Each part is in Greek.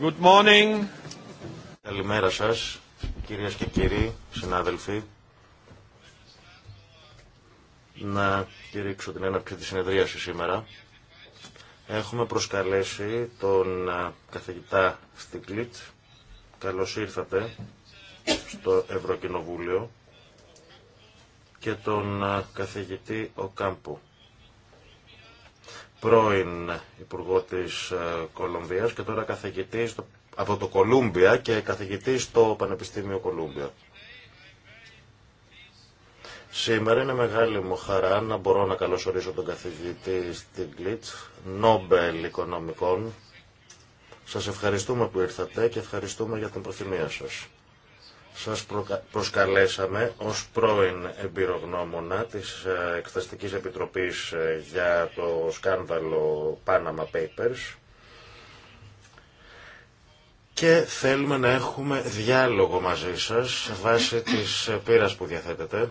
Good morning. Καλημέρα σας, κυρίες και κύριοι, συνάδελφοι. Να κηρύξω την έναρξη της συνεδρίασης σήμερα. Έχουμε προσκαλέσει τον καθηγητά Στικλίτ. Καλώς ήρθατε στο Ευρωκοινοβούλιο και τον καθηγητή Οκάμπου πρώην Υπουργό τη ε, Κολομβίας και τώρα καθηγητή από το Κολούμπια και καθηγητή στο Πανεπιστήμιο Κολούμπια. Σήμερα είναι μεγάλη μου χαρά να μπορώ να καλωσορίσω τον καθηγητή Στίγκλιτς, Νόμπελ Οικονομικών. Σας ευχαριστούμε που ήρθατε και ευχαριστούμε για την προθυμία σας σας προσκαλέσαμε ως πρώην εμπειρογνώμονα της ε, εκταστική Επιτροπής ε, για το σκάνδαλο Panama Papers και θέλουμε να έχουμε διάλογο μαζί σας βάσει της ε, πείρας που διαθέτετε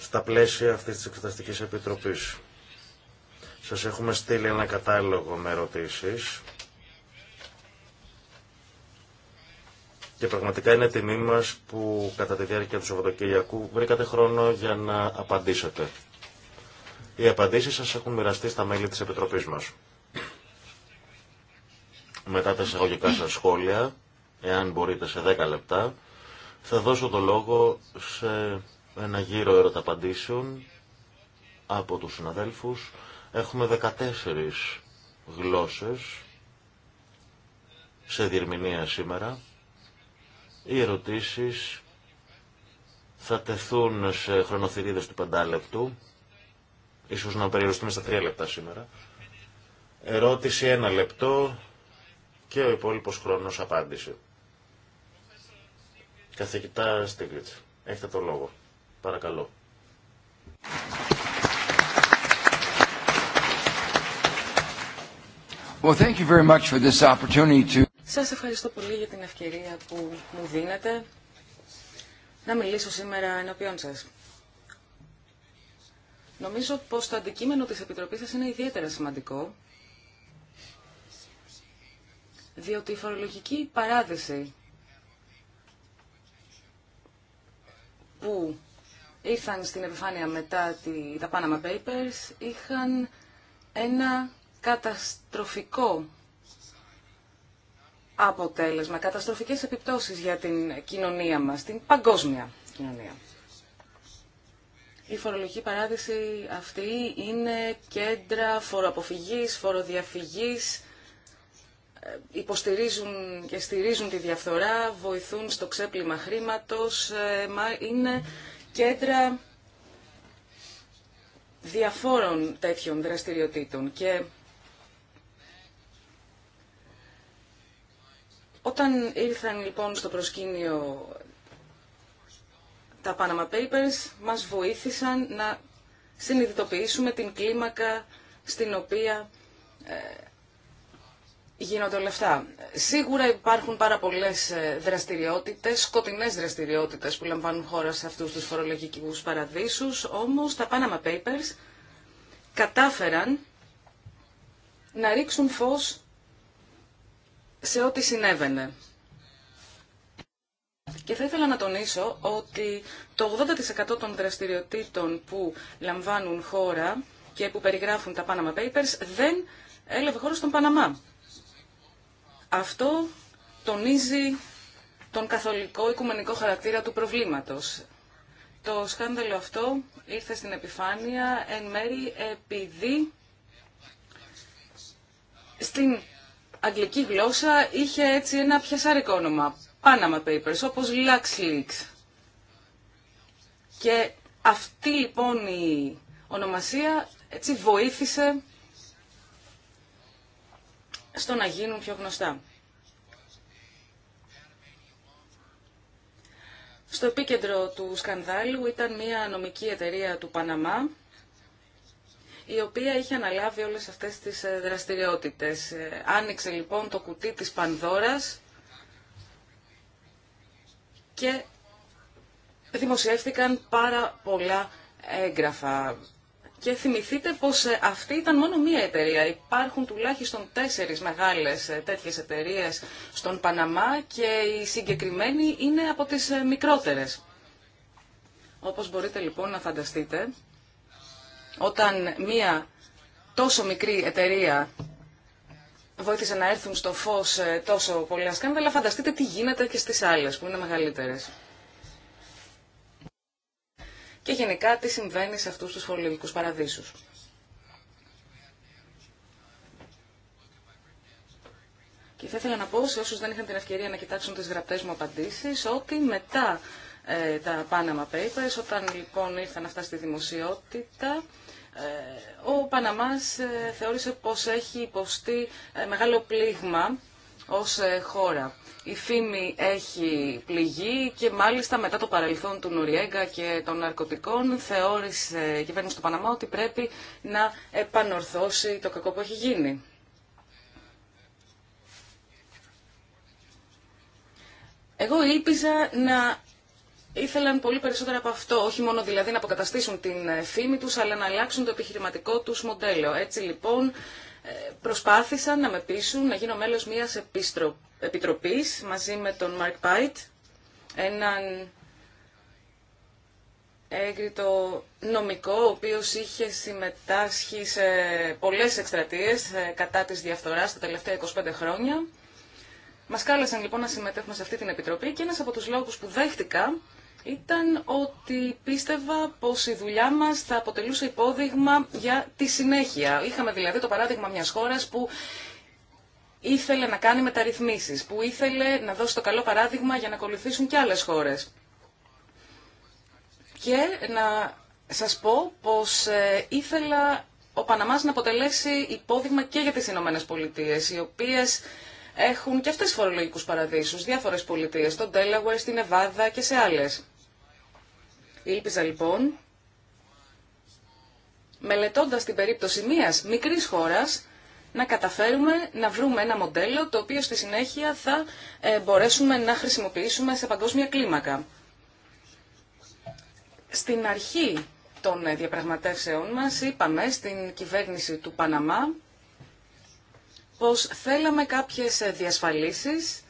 στα πλαίσια αυτής της Εκθεστικής Επιτροπής. Σας έχουμε στείλει ένα κατάλογο με ερωτήσεις Και πραγματικά είναι τιμή μα που κατά τη διάρκεια του Σαββατοκύριακου βρήκατε χρόνο για να απαντήσετε. Οι απαντήσει σα έχουν μοιραστεί στα μέλη της Επιτροπής μας. Μετά τα εισαγωγικά σα σχόλια, εάν μπορείτε σε 10 λεπτά, θα δώσω το λόγο σε ένα γύρο απαντήσεων από τους συναδέλφους. Έχουμε 14 γλώσσες σε διερμηνία σήμερα. Οι ερωτήσεις θα τεθούν σε χρονοθυρίδες του πεντάλεπτου, ίσως να περιοριστούμε στα τρία λεπτά σήμερα. Ερώτηση ένα λεπτό και ο υπόλοιπος χρόνος απάντηση. Καθηγητά Στίγλιτς, έχετε το λόγο. Παρακαλώ. Well, thank you very much for this opportunity to... Σας ευχαριστώ πολύ για την ευκαιρία που μου δίνετε να μιλήσω σήμερα ενώπιον σας. Νομίζω πως το αντικείμενο της Επιτροπής σας είναι ιδιαίτερα σημαντικό, διότι η φορολογική παράδειση που ήρθαν στην επιφάνεια μετά τη, τα Panama Papers είχαν ένα καταστροφικό αποτέλεσμα, καταστροφικές επιπτώσεις για την κοινωνία μας, την παγκόσμια κοινωνία. Η φορολογική παράδειση αυτή είναι κέντρα φοροαποφυγής, φοροδιαφυγής, ε, υποστηρίζουν και στηρίζουν τη διαφθορά, βοηθούν στο ξέπλυμα χρήματος, ε, είναι κέντρα διαφόρων τέτοιων δραστηριοτήτων και Όταν ήρθαν λοιπόν στο προσκήνιο τα Panama Papers, μας βοήθησαν να συνειδητοποιήσουμε την κλίμακα στην οποία ε, γίνονται όλα αυτά. Σίγουρα υπάρχουν πάρα πολλές ε, δραστηριότητες, σκοτεινές δραστηριότητες που λαμβάνουν χώρα σε αυτούς τους φορολογικούς παραδείσους, όμως τα Panama Papers κατάφεραν να ρίξουν φως σε ό,τι συνέβαινε. Και θα ήθελα να τονίσω ότι το 80% των δραστηριοτήτων που λαμβάνουν χώρα και που περιγράφουν τα Panama Papers δεν έλαβε χώρο στον Παναμά. Αυτό τονίζει τον καθολικό οικουμενικό χαρακτήρα του προβλήματος. Το σκάνδαλο αυτό ήρθε στην επιφάνεια εν μέρη επειδή στην αγγλική γλώσσα είχε έτσι ένα πιασάρικο όνομα. Panama Papers, όπως Leaks. Και αυτή λοιπόν η ονομασία έτσι βοήθησε στο να γίνουν πιο γνωστά. Στο επίκεντρο του σκανδάλου ήταν μια νομική εταιρεία του Παναμά η οποία είχε αναλάβει όλες αυτές τις ε, δραστηριότητες. Ε, άνοιξε λοιπόν το κουτί της Πανδώρας και δημοσιεύτηκαν πάρα πολλά έγγραφα. Και θυμηθείτε πως ε, αυτή ήταν μόνο μία εταιρεία. Υπάρχουν τουλάχιστον τέσσερις μεγάλες τέτοιες εταιρείες στον Παναμά και η συγκεκριμένη είναι από τις μικρότερες. Όπως μπορείτε λοιπόν να φανταστείτε, όταν μία τόσο μικρή εταιρεία βοήθησε να έρθουν στο φως ε, τόσο πολλά σκάνδαλα, αλλά φανταστείτε τι γίνεται και στις άλλες που είναι μεγαλύτερες. Και γενικά τι συμβαίνει σε αυτούς τους φορολογικούς παραδείσους. Και θα ήθελα να πω σε όσους δεν είχαν την ευκαιρία να κοιτάξουν τις γραπτές μου απαντήσεις, ότι μετά ε, τα Panama Papers, όταν λοιπόν ήρθαν αυτά στη δημοσιότητα, ε, ο Παναμάς ε, θεώρησε πως έχει υποστεί ε, μεγάλο πλήγμα ως χώρα. Η φήμη έχει πληγεί και μάλιστα μετά το παρελθόν του Νουριέγκα και των ναρκωτικών θεώρησε η κυβέρνηση του Παναμά ότι πρέπει να επανορθώσει το κακό που έχει γίνει. Εγώ ήλπιζα να ήθελαν πολύ περισσότερο από αυτό, όχι μόνο δηλαδή να αποκαταστήσουν την ε, φήμη τους, αλλά να αλλάξουν το επιχειρηματικό τους μοντέλο. Έτσι λοιπόν ε, προσπάθησαν να με πείσουν να γίνω μέλος μιας επιτροπής μαζί με τον Μαρκ Πάιτ, έναν έγκριτο νομικό, ο οποίος είχε συμμετάσχει σε πολλές εκστρατείες ε, κατά της διαφθοράς τα τελευταία 25 χρόνια. Μας κάλεσαν λοιπόν να συμμετέχουμε σε αυτή την επιτροπή και ένας από τους λόγους που δέχτηκα ήταν ότι πίστευα πως η δουλειά μας θα αποτελούσε υπόδειγμα για τη συνέχεια. Είχαμε δηλαδή το παράδειγμα μιας χώρας που ήθελε να κάνει μεταρρυθμίσεις, που ήθελε να δώσει το καλό παράδειγμα για να ακολουθήσουν και άλλες χώρες. Και να σας πω πως ε, ήθελα ο Παναμάς να αποτελέσει υπόδειγμα και για τις Ηνωμένες Πολιτείες, οι οποίες έχουν και αυτές φορολογικούς παραδείσους, διάφορες πολιτείες, στο Delaware, στην Εβάδα και σε άλλες. Ήλπιζα λοιπόν, μελετώντας την περίπτωση μίας μικρής χώρας, να καταφέρουμε να βρούμε ένα μοντέλο το οποίο στη συνέχεια θα ε, μπορέσουμε να χρησιμοποιήσουμε σε παγκόσμια κλίμακα. Στην αρχή των ε, διαπραγματεύσεών μας είπαμε στην κυβέρνηση του Παναμά πως θέλαμε κάποιες διασφαλίσεις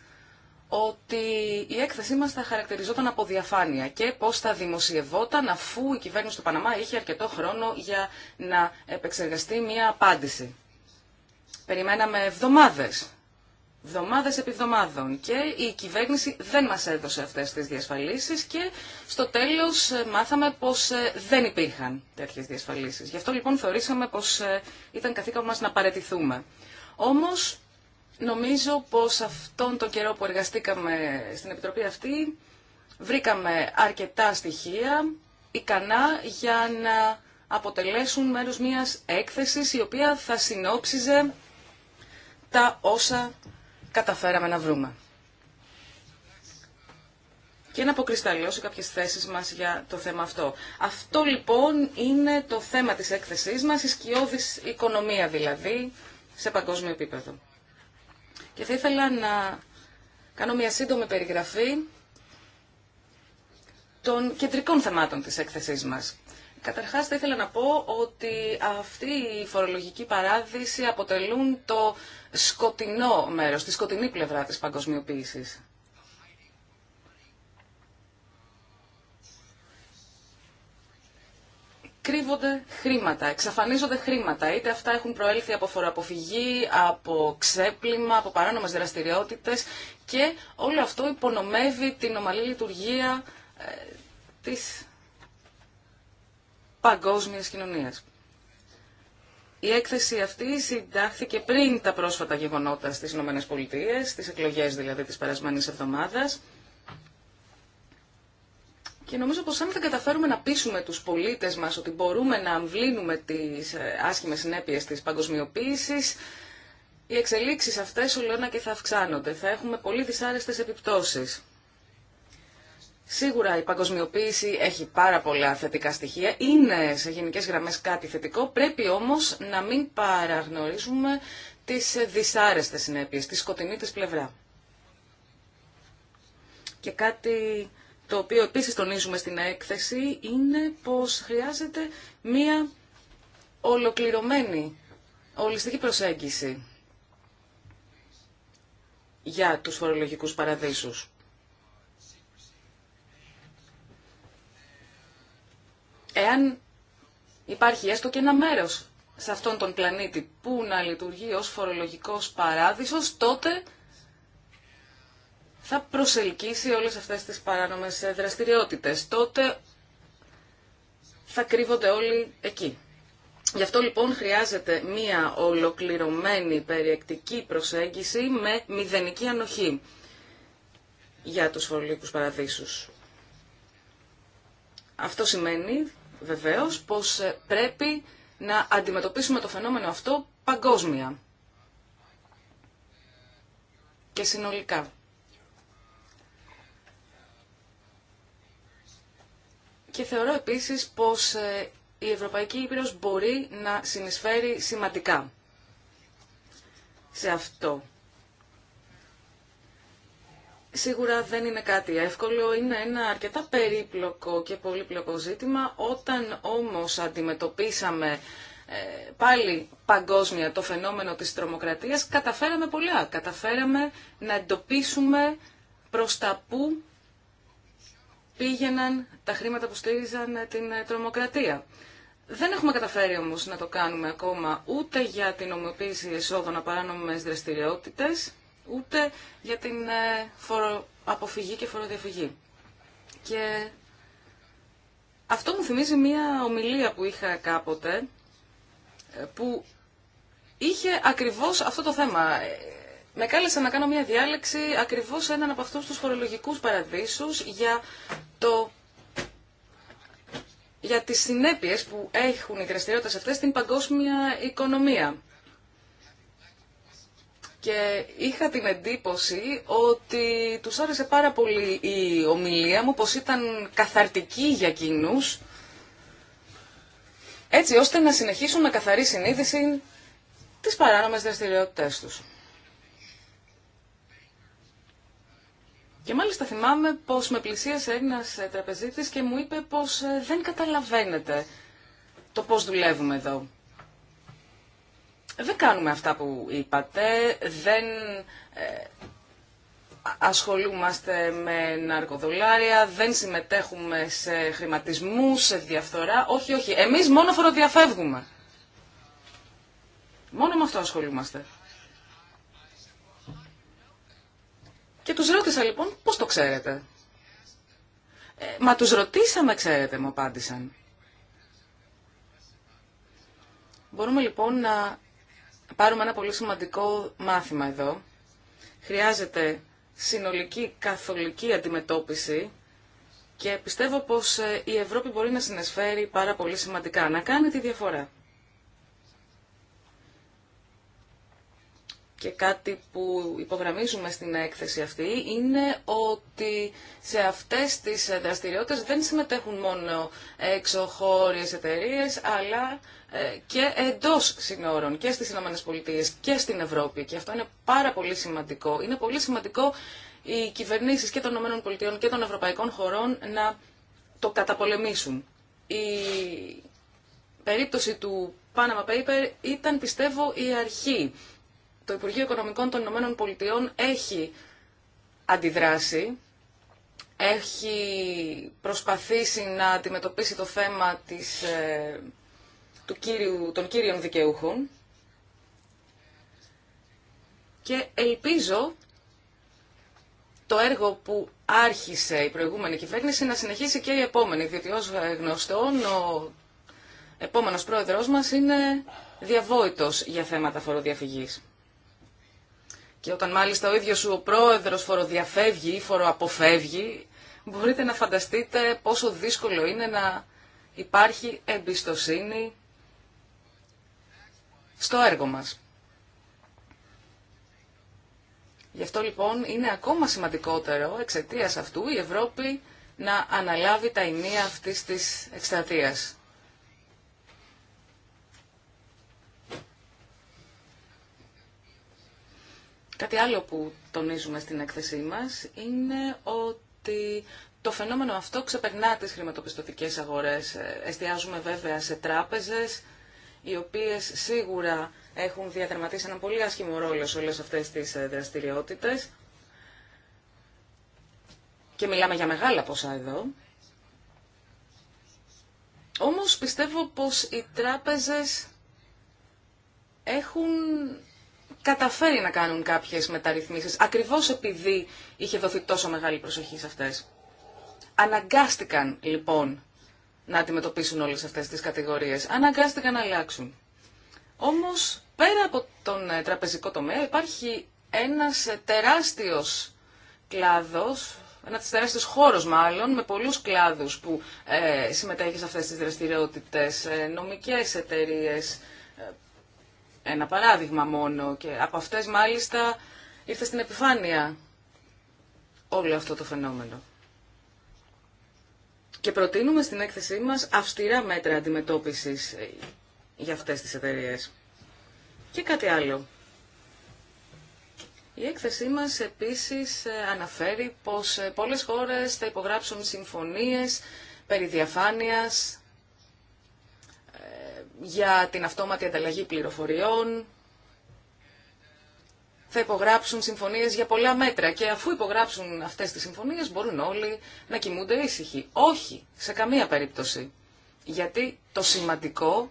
ότι η έκθεσή μας θα χαρακτηριζόταν από διαφάνεια και πώς θα δημοσιευόταν αφού η κυβέρνηση του Παναμά είχε αρκετό χρόνο για να επεξεργαστεί μία απάντηση. Περιμέναμε εβδομάδες, εβδομάδες επί εβδομάδων και η κυβέρνηση δεν μας έδωσε αυτές τις διασφαλίσεις και στο τέλος ε, μάθαμε πως ε, δεν υπήρχαν τέτοιες διασφαλίσεις. Γι' αυτό λοιπόν θεωρήσαμε πως ε, ήταν καθήκον μας να παρετηθούμε. Όμως νομίζω πως αυτόν τον καιρό που εργαστήκαμε στην Επιτροπή αυτή βρήκαμε αρκετά στοιχεία ικανά για να αποτελέσουν μέρος μιας έκθεσης η οποία θα συνόψιζε τα όσα καταφέραμε να βρούμε. Και να αποκρισταλώσω κάποιες θέσεις μας για το θέμα αυτό. Αυτό λοιπόν είναι το θέμα της έκθεσής μας, η σκιώδης οικονομία δηλαδή, σε παγκόσμιο επίπεδο. Και θα ήθελα να κάνω μια σύντομη περιγραφή των κεντρικών θεμάτων της έκθεσής μας. Καταρχάς θα ήθελα να πω ότι αυτή η φορολογική παράδειση αποτελούν το σκοτεινό μέρος, τη σκοτεινή πλευρά της παγκοσμιοποίησης. κρύβονται χρήματα, εξαφανίζονται χρήματα. Είτε αυτά έχουν προέλθει από φοροαποφυγή, από ξέπλυμα, από παράνομες δραστηριότητες και όλο αυτό υπονομεύει την ομαλή λειτουργία ε, της παγκόσμιας κοινωνίας. Η έκθεση αυτή συντάχθηκε πριν τα πρόσφατα γεγονότα στις ΗΠΑ, στις εκλογές δηλαδή της περασμένης εβδομάδας. Και νομίζω πως αν δεν καταφέρουμε να πείσουμε τους πολίτες μας ότι μπορούμε να αμβλύνουμε τις ε, άσχημες συνέπειες της παγκοσμιοποίησης, οι εξελίξεις αυτές ολοένα και θα αυξάνονται. Θα έχουμε πολύ δυσάρεστες επιπτώσεις. Σίγουρα η παγκοσμιοποίηση έχει πάρα πολλά θετικά στοιχεία, είναι σε γενικές γραμμές κάτι θετικό, πρέπει όμως να μην παραγνωρίζουμε τις δυσάρεστες συνέπειες, τη σκοτεινή της πλευρά. Και κάτι το οποίο επίσης τονίζουμε στην έκθεση, είναι πως χρειάζεται μία ολοκληρωμένη, ολιστική προσέγγιση για τους φορολογικούς παραδείσους. Εάν υπάρχει έστω και ένα μέρος σε αυτόν τον πλανήτη που να λειτουργεί ως φορολογικός παράδεισος, τότε θα προσελκύσει όλες αυτές τις παράνομες δραστηριότητες. Τότε θα κρύβονται όλοι εκεί. Γι' αυτό λοιπόν χρειάζεται μία ολοκληρωμένη περιεκτική προσέγγιση με μηδενική ανοχή για τους φορολογικούς παραδείσους. Αυτό σημαίνει βεβαίως πως ε, πρέπει να αντιμετωπίσουμε το φαινόμενο αυτό παγκόσμια και συνολικά. Και θεωρώ επίσης πως ε, η Ευρωπαϊκή Ήπειρος μπορεί να συνεισφέρει σημαντικά σε αυτό. Σίγουρα δεν είναι κάτι εύκολο, είναι ένα αρκετά περίπλοκο και πολύπλοκο ζήτημα. Όταν όμως αντιμετωπίσαμε ε, πάλι παγκόσμια το φαινόμενο της τρομοκρατίας, καταφέραμε πολλά. Καταφέραμε να εντοπίσουμε προς τα που πήγαιναν τα χρήματα που στήριζαν ε, την ε, τρομοκρατία. Δεν έχουμε καταφέρει όμως να το κάνουμε ακόμα ούτε για την ομοιοποίηση εσόδων από παράνομες δραστηριότητες, ούτε για την ε, αποφυγή και φοροδιαφυγή. Και αυτό μου θυμίζει μία ομιλία που είχα κάποτε, που είχε ακριβώς αυτό το θέμα με κάλεσα να κάνω μια διάλεξη ακριβώς σε έναν από αυτούς τους φορολογικούς παραδείσους για, το, για τις συνέπειες που έχουν οι δραστηριότητες αυτές στην παγκόσμια οικονομία. Και είχα την εντύπωση ότι τους άρεσε πάρα πολύ η ομιλία μου, πως ήταν καθαρτική για κοινούς, έτσι ώστε να συνεχίσουν με καθαρή συνείδηση τις παράνομες δραστηριότητες τους. Και μάλιστα θυμάμαι πως με πλησίασε ένας ε, τραπεζίτης και μου είπε πως ε, δεν καταλαβαίνετε το πώς δουλεύουμε εδώ. Ε, δεν κάνουμε αυτά που είπατε, δεν ασχολούμαστε με ναρκοδολάρια, δεν συμμετέχουμε σε χρηματισμού, σε διαφθορά. Όχι, όχι, εμείς μόνο φοροδιαφεύγουμε. Μόνο με αυτό ασχολούμαστε. Και τους ρώτησα λοιπόν πώς το ξέρετε. Ε, μα τους ρωτήσαμε ξέρετε μου απάντησαν. Μπορούμε λοιπόν να πάρουμε ένα πολύ σημαντικό μάθημα εδώ. Χρειάζεται συνολική καθολική αντιμετώπιση και πιστεύω πως ε, η Ευρώπη μπορεί να συνεισφέρει πάρα πολύ σημαντικά, να κάνει τη διαφορά. και κάτι που υπογραμμίζουμε στην έκθεση αυτή είναι ότι σε αυτές τις δραστηριότητες δεν συμμετέχουν μόνο εξωχώριες εταιρείε, αλλά ε, και εντός συνόρων και στις ΗΠΑ και στην Ευρώπη και αυτό είναι πάρα πολύ σημαντικό. Είναι πολύ σημαντικό οι κυβερνήσεις και των Ηνωμένων Πολιτείων και των Ευρωπαϊκών χωρών να το καταπολεμήσουν. Η περίπτωση του Panama Paper ήταν πιστεύω η αρχή το Υπουργείο Οικονομικών των Ηνωμένων Πολιτειών έχει αντιδράσει, έχει προσπαθήσει να αντιμετωπίσει το θέμα της, ε, του κύριου, των κύριων δικαιούχων και ελπίζω το έργο που άρχισε η προηγούμενη κυβέρνηση να συνεχίσει και η επόμενη, διότι ως γνωστόν ο επόμενος πρόεδρός μας είναι διαβόητος για θέματα φοροδιαφυγής. Και όταν μάλιστα ο ίδιος ο πρόεδρος φοροδιαφεύγει ή φοροαποφεύγει, μπορείτε να φανταστείτε πόσο δύσκολο είναι να υπάρχει εμπιστοσύνη στο έργο μας. Γι' αυτό λοιπόν είναι ακόμα σημαντικότερο εξαιτίας αυτού η Ευρώπη να αναλάβει τα ενία αυτής της εκστρατείας. Κάτι άλλο που τονίζουμε στην έκθεσή μας είναι ότι το φαινόμενο αυτό ξεπερνά τις χρηματοπιστωτικές αγορές. Ε, εστιάζουμε βέβαια σε τράπεζες, οι οποίες σίγουρα έχουν διαδραματίσει ένα πολύ άσχημο ρόλο σε όλες αυτές τις ε, δραστηριότητες. Και μιλάμε για μεγάλα ποσά εδώ. Όμως πιστεύω πως οι τράπεζες έχουν καταφέρει να κάνουν κάποιες μεταρρυθμίσεις, ακριβώς επειδή είχε δοθεί τόσο μεγάλη προσοχή σε αυτές. Αναγκάστηκαν λοιπόν να αντιμετωπίσουν όλες αυτές τις κατηγορίες, αναγκάστηκαν να αλλάξουν. Όμως πέρα από τον ε, τραπεζικό τομέα υπάρχει ένας ε, τεράστιος κλάδος, ένα τεράστιος χώρος μάλλον, με πολλού κλάδου που ε, συμμετέχει σε αυτέ τι δραστηριότητε, ε, νομικές ένα παράδειγμα μόνο και από αυτές μάλιστα ήρθε στην επιφάνεια όλο αυτό το φαινόμενο. Και προτείνουμε στην έκθεσή μας αυστηρά μέτρα αντιμετώπισης ε, για αυτές τις εταιρείε. Και κάτι άλλο. Η έκθεσή μας επίσης ε, αναφέρει πως ε, πολλές χώρες θα υπογράψουν συμφωνίες περί διαφάνειας, για την αυτόματη ανταλλαγή πληροφοριών. Θα υπογράψουν συμφωνίες για πολλά μέτρα και αφού υπογράψουν αυτές τις συμφωνίες μπορούν όλοι να κοιμούνται ήσυχοι. Όχι, σε καμία περίπτωση. Γιατί το σημαντικό,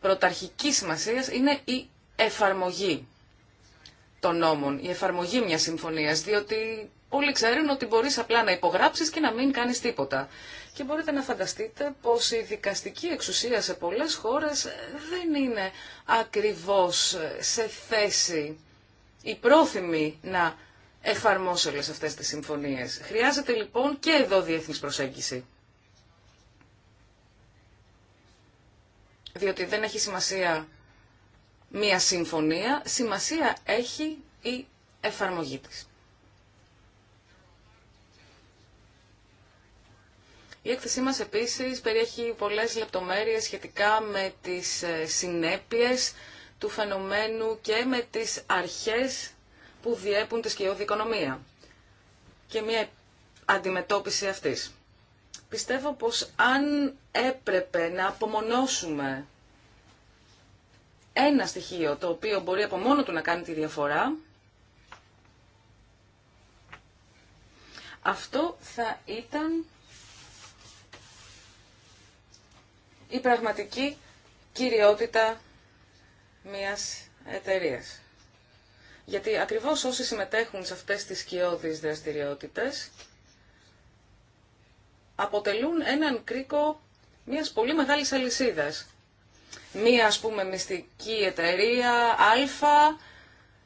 πρωταρχική σημασία είναι η εφαρμογή των νόμων, η εφαρμογή μιας συμφωνίας, διότι όλοι ξέρουν ότι μπορείς απλά να υπογράψεις και να μην κάνεις τίποτα. Και μπορείτε να φανταστείτε πως η δικαστική εξουσία σε πολλέ χώρες δεν είναι ακριβώς σε θέση η πρόθυμη να εφαρμόσει όλε αυτές τις συμφωνίες. Χρειάζεται λοιπόν και εδώ διεθνή προσέγγιση. Διότι δεν έχει σημασία μία συμφωνία, σημασία έχει η εφαρμογή της. Η έκθεσή μας επίσης περιέχει πολλές λεπτομέρειες σχετικά με τις ε, συνέπειες του φαινομένου και με τις αρχές που διέπουν τη σκιώδη οικονομία και μια αντιμετώπιση αυτής. Πιστεύω πως αν έπρεπε να απομονώσουμε ένα στοιχείο το οποίο μπορεί από μόνο του να κάνει τη διαφορά, αυτό θα ήταν η πραγματική κυριότητα μιας εταιρείας. Γιατί ακριβώς όσοι συμμετέχουν σε αυτές τις σκιώδεις δραστηριότητες αποτελούν έναν κρίκο μιας πολύ μεγάλης αλυσίδας. Μία ας πούμε μυστική εταιρεία αλφα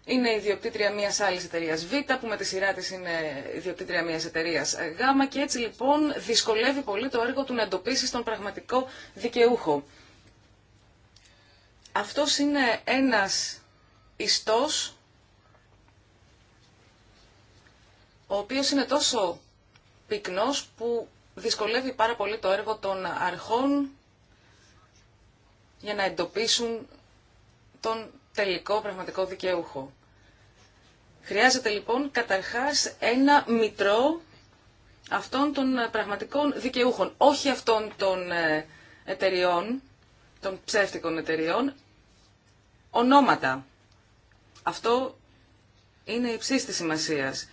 είναι ιδιοκτήτρια μια άλλη εταιρεία Β, που με τη σειρά τη είναι ιδιοκτήτρια μια εταιρεία Γ. Και έτσι λοιπόν δυσκολεύει πολύ το έργο του να εντοπίσει τον πραγματικό δικαιούχο. Αυτό είναι ένας ιστός ο οποίος είναι τόσο πυκνός που δυσκολεύει πάρα πολύ το έργο των αρχών για να εντοπίσουν τον τελικό πραγματικό δικαιούχο. Χρειάζεται λοιπόν καταρχάς ένα μητρό αυτών των ε, πραγματικών δικαιούχων, όχι αυτών των ε, εταιριών, των ψεύτικων εταιριών, ονόματα. Αυτό είναι η της σημασίας.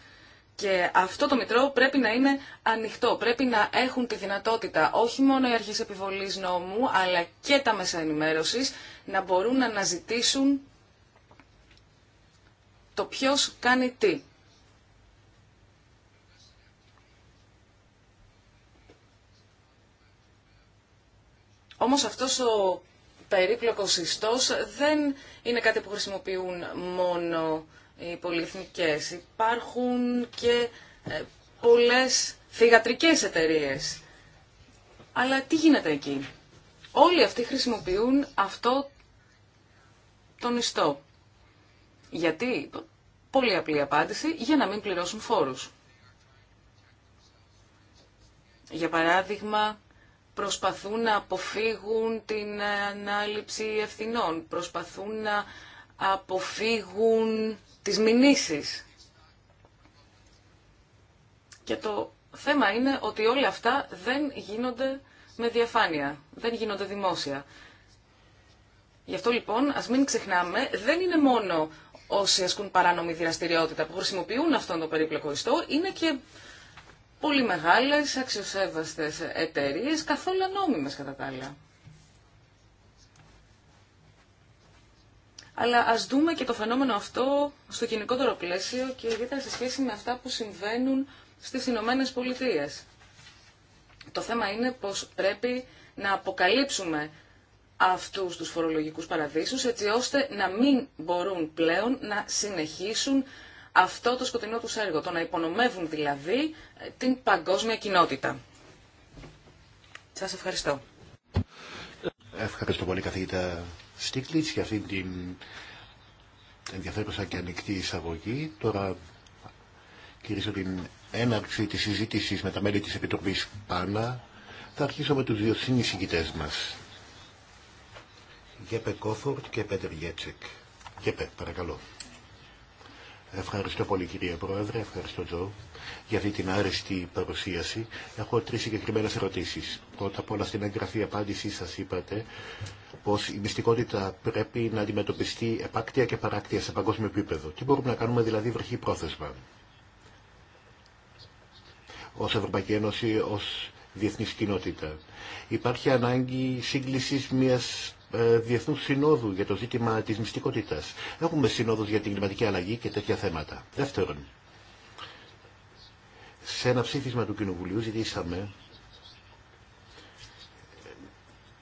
Και αυτό το μητρό πρέπει να είναι ανοιχτό, πρέπει να έχουν τη δυνατότητα όχι μόνο οι αρχές επιβολής νόμου, αλλά και τα μέσα ενημέρωσης να μπορούν να αναζητήσουν το ποιος κάνει τι. Όμως αυτός ο περίπλοκος ιστός δεν είναι κάτι που χρησιμοποιούν μόνο οι πολυεθνικές. Υπάρχουν και ε, πολλές θηγατρικές εταιρείες. Αλλά τι γίνεται εκεί. Όλοι αυτοί χρησιμοποιούν αυτό τον ιστό. Γιατί, πολύ απλή απάντηση, για να μην πληρώσουν φόρους. Για παράδειγμα, προσπαθούν να αποφύγουν την ανάληψη ευθυνών, προσπαθούν να αποφύγουν τις μηνύσεις. Και το θέμα είναι ότι όλα αυτά δεν γίνονται με διαφάνεια, δεν γίνονται δημόσια. Γι' αυτό λοιπόν, ας μην ξεχνάμε, δεν είναι μόνο όσοι ασκούν παράνομη δραστηριότητα, που χρησιμοποιούν αυτόν τον περίπλοκο ιστό, είναι και πολύ μεγάλες, αξιοσέβαστες εταιρείε, καθόλου νόμιμέ κατά τα άλλα. Αλλά ας δούμε και το φαινόμενο αυτό στο κοινικότερο πλαίσιο και ιδιαίτερα σε σχέση με αυτά που συμβαίνουν στις Ηνωμένε Πολιτείες. Το θέμα είναι πως πρέπει να αποκαλύψουμε αυτούς τους φορολογικούς παραδείσους έτσι ώστε να μην μπορούν πλέον να συνεχίσουν αυτό το σκοτεινό τους έργο, το να υπονομεύουν δηλαδή ε, την παγκόσμια κοινότητα. Σας ευχαριστώ. Ευχαριστώ πολύ καθηγητά Στίκλιτς για αυτήν την ενδιαφέρουσα και ανοιχτή εισαγωγή. Τώρα κυρίσω την έναρξη της συζήτησης με τα μέλη της Επιτροπής ΠΑΝΑ. Θα αρχίσω με τους δύο συνεισηγητές μας. Γέπε Κόφορτ και Πέτερ Γέτσεκ. Γέπε, παρακαλώ. Ευχαριστώ πολύ κύριε Πρόεδρε, ευχαριστώ Τζο για αυτή την άρεστη παρουσίαση. Έχω τρεις συγκεκριμένε ερωτήσεις. Πρώτα απ' όλα στην εγγραφή απάντησή σας είπατε πως η μυστικότητα πρέπει να αντιμετωπιστεί επάκτια και παράκτια σε παγκόσμιο επίπεδο. Τι μπορούμε να κάνουμε δηλαδή βρεχή πρόθεσμα. Ως Ευρωπαϊκή Ένωση, ως διεθνής κοινότητα. Υπάρχει ανάγκη σύγκλησης μιας ε, Διεθνού συνόδου για το ζήτημα της μυστικότητα. Έχουμε συνόδους για την κλιματική αλλαγή και τέτοια θέματα. Δεύτερον, σε ένα ψήφισμα του Κοινοβουλίου ζητήσαμε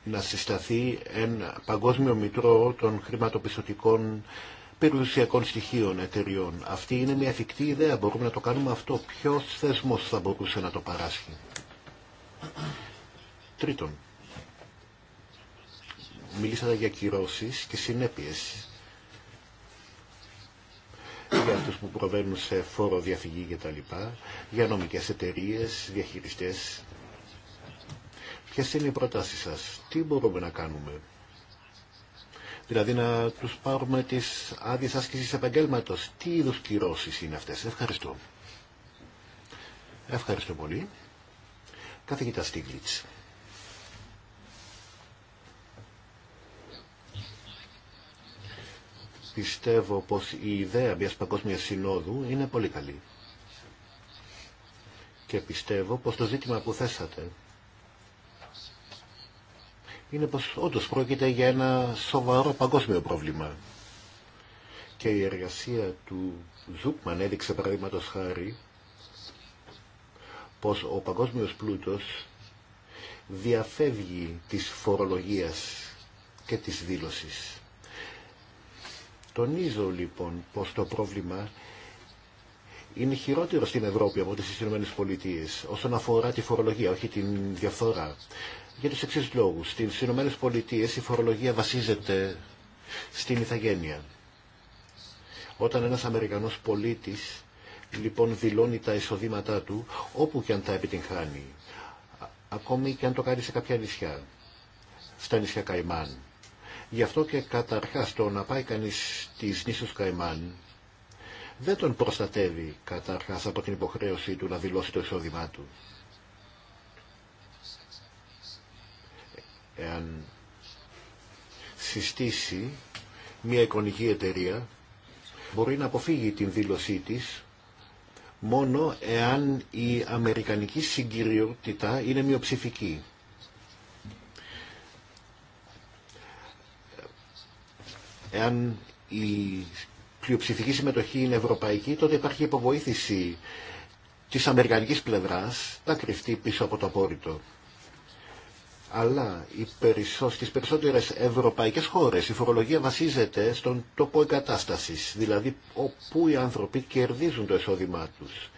να συσταθεί ένα παγκόσμιο μητρό των χρηματοπιστωτικών περιουσιακών στοιχείων εταιριών. Αυτή είναι μια εφικτή ιδέα. Μπορούμε να το κάνουμε αυτό. Ποιο θεσμό θα μπορούσε να το παράσχει. Τρίτον, μιλήσατε για κυρώσεις και συνέπειες για αυτούς που προβαίνουν σε φόρο διαφυγή και τα λοιπά, για νομικές εταιρείες, διαχειριστές. Ποιες είναι οι προτάσεις σας, τι μπορούμε να κάνουμε. Δηλαδή να τους πάρουμε τις άδειες άσκηση επαγγέλματος. Τι είδους κυρώσεις είναι αυτές. Ευχαριστώ. Ευχαριστώ πολύ. Καθηγητά Στίγλιτς. πιστεύω πως η ιδέα μιας παγκόσμιας συνόδου είναι πολύ καλή. Και πιστεύω πως το ζήτημα που θέσατε είναι πως όντως πρόκειται για ένα σοβαρό παγκόσμιο πρόβλημα. Και η εργασία του Ζουκμαν έδειξε παραδείγματο χάρη πως ο παγκόσμιος πλούτος διαφεύγει της φορολογίας και της δήλωσης. Τονίζω λοιπόν πως το πρόβλημα είναι χειρότερο στην Ευρώπη από τις Ηνωμένες Πολιτείες όσον αφορά τη φορολογία, όχι την διαφθορά. Για τους εξής λόγους. Στις Ηνωμένες Πολιτείες η φορολογία βασίζεται στην ηθαγένεια. Όταν ένας Αμερικανός πολίτης λοιπόν δηλώνει τα εισοδήματά του όπου και αν τα επιτυγχάνει. Ακόμη και αν το κάνει σε κάποια νησιά. Στα νησιά Καϊμάν Γι' αυτό και καταρχάς το να πάει κανείς στις νήσους Καϊμάν δεν τον προστατεύει καταρχάς από την υποχρέωση του να δηλώσει το εισόδημά του. Εάν συστήσει μια εικονική εταιρεία μπορεί να αποφύγει την δήλωσή της μόνο εάν η αμερικανική συγκυριότητα είναι μειοψηφική. Εάν η πλειοψηφική συμμετοχή είναι ευρωπαϊκή, τότε υπάρχει υποβοήθηση της αμερικανικής πλευράς να κρυφτεί πίσω από το απόρριτο. Αλλά οι περισσότερε στις περισσότερες ευρωπαϊκές χώρες η φορολογία βασίζεται στον τόπο εγκατάσταση, δηλαδή όπου οι άνθρωποι κερδίζουν το εισόδημά τους.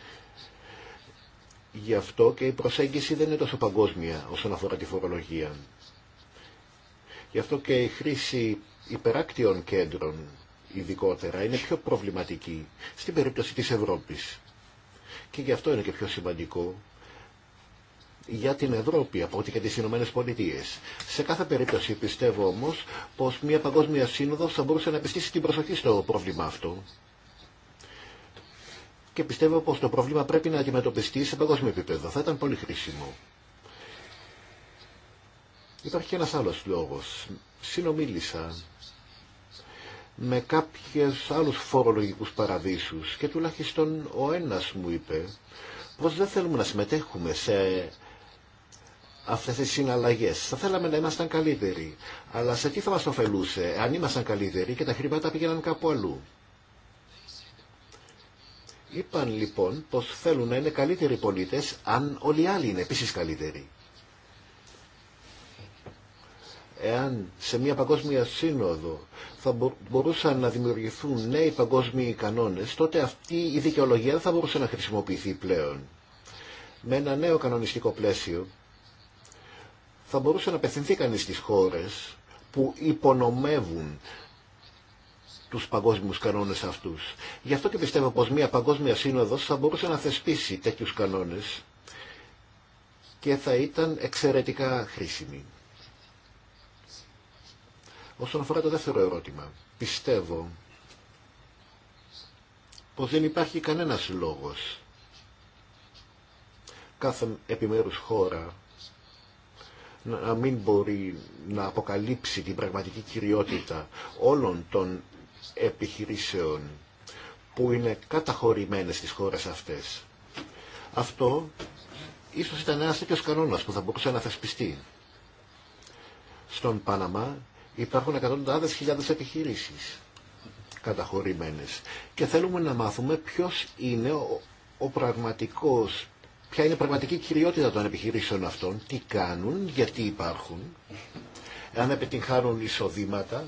Γι' αυτό και η προσέγγιση δεν είναι τόσο παγκόσμια όσον αφορά τη φορολογία. Γι' αυτό και η χρήση υπεράκτιων κέντρων ειδικότερα είναι πιο προβληματική στην περίπτωση της Ευρώπης. Και γι' αυτό είναι και πιο σημαντικό για την Ευρώπη από ό,τι και τις Ηνωμένες Πολιτείες. Σε κάθε περίπτωση πιστεύω όμως πως μια παγκόσμια σύνοδος θα μπορούσε να επιστήσει την προσοχή στο πρόβλημα αυτό. Και πιστεύω πως το πρόβλημα πρέπει να αντιμετωπιστεί σε παγκόσμιο επίπεδο. Θα ήταν πολύ χρήσιμο. Υπάρχει και ένας άλλος λόγος. Συνομίλησα με κάποιες άλλους φορολογικούς παραδείσους και τουλάχιστον ο ένας μου είπε πως δεν θέλουμε να συμμετέχουμε σε αυτές τις συναλλαγές. Θα θέλαμε να ήμασταν καλύτεροι, αλλά σε τι θα μας ωφελούσε αν ήμασταν καλύτεροι και τα χρήματα πήγαιναν κάπου αλλού. Είπαν λοιπόν πως θέλουν να είναι καλύτεροι πολίτες αν όλοι οι άλλοι είναι επίσης καλύτεροι. εάν σε μια παγκόσμια σύνοδο θα μπορούσαν να δημιουργηθούν νέοι παγκόσμιοι κανόνες, τότε αυτή η δικαιολογία δεν θα μπορούσε να χρησιμοποιηθεί πλέον. Με ένα νέο κανονιστικό πλαίσιο θα μπορούσε να απευθυνθεί κανείς στις χώρες που υπονομεύουν τους παγκόσμιους κανόνες αυτούς. Γι' αυτό και πιστεύω πως μια παγκόσμια σύνοδος θα μπορούσε να θεσπίσει τέτοιους κανόνες και θα ήταν εξαιρετικά χρήσιμη. Όσον αφορά το δεύτερο ερώτημα, πιστεύω πως δεν υπάρχει κανένας λόγος κάθε επιμέρους χώρα να μην μπορεί να αποκαλύψει την πραγματική κυριότητα όλων των επιχειρήσεων που είναι καταχωρημένες στις χώρες αυτές. Αυτό ίσως ήταν ένας τέτοιος κανόνας που θα μπορούσε να θεσπιστεί. Στον Παναμά Υπάρχουν εκατοντάδες χιλιάδες επιχειρήσεις καταχωρημένες και θέλουμε να μάθουμε ποιος είναι ο, ο πραγματικός, ποια είναι η πραγματική κυριότητα των επιχειρήσεων αυτών, τι κάνουν, γιατί υπάρχουν, αν επιτυγχάνουν εισοδήματα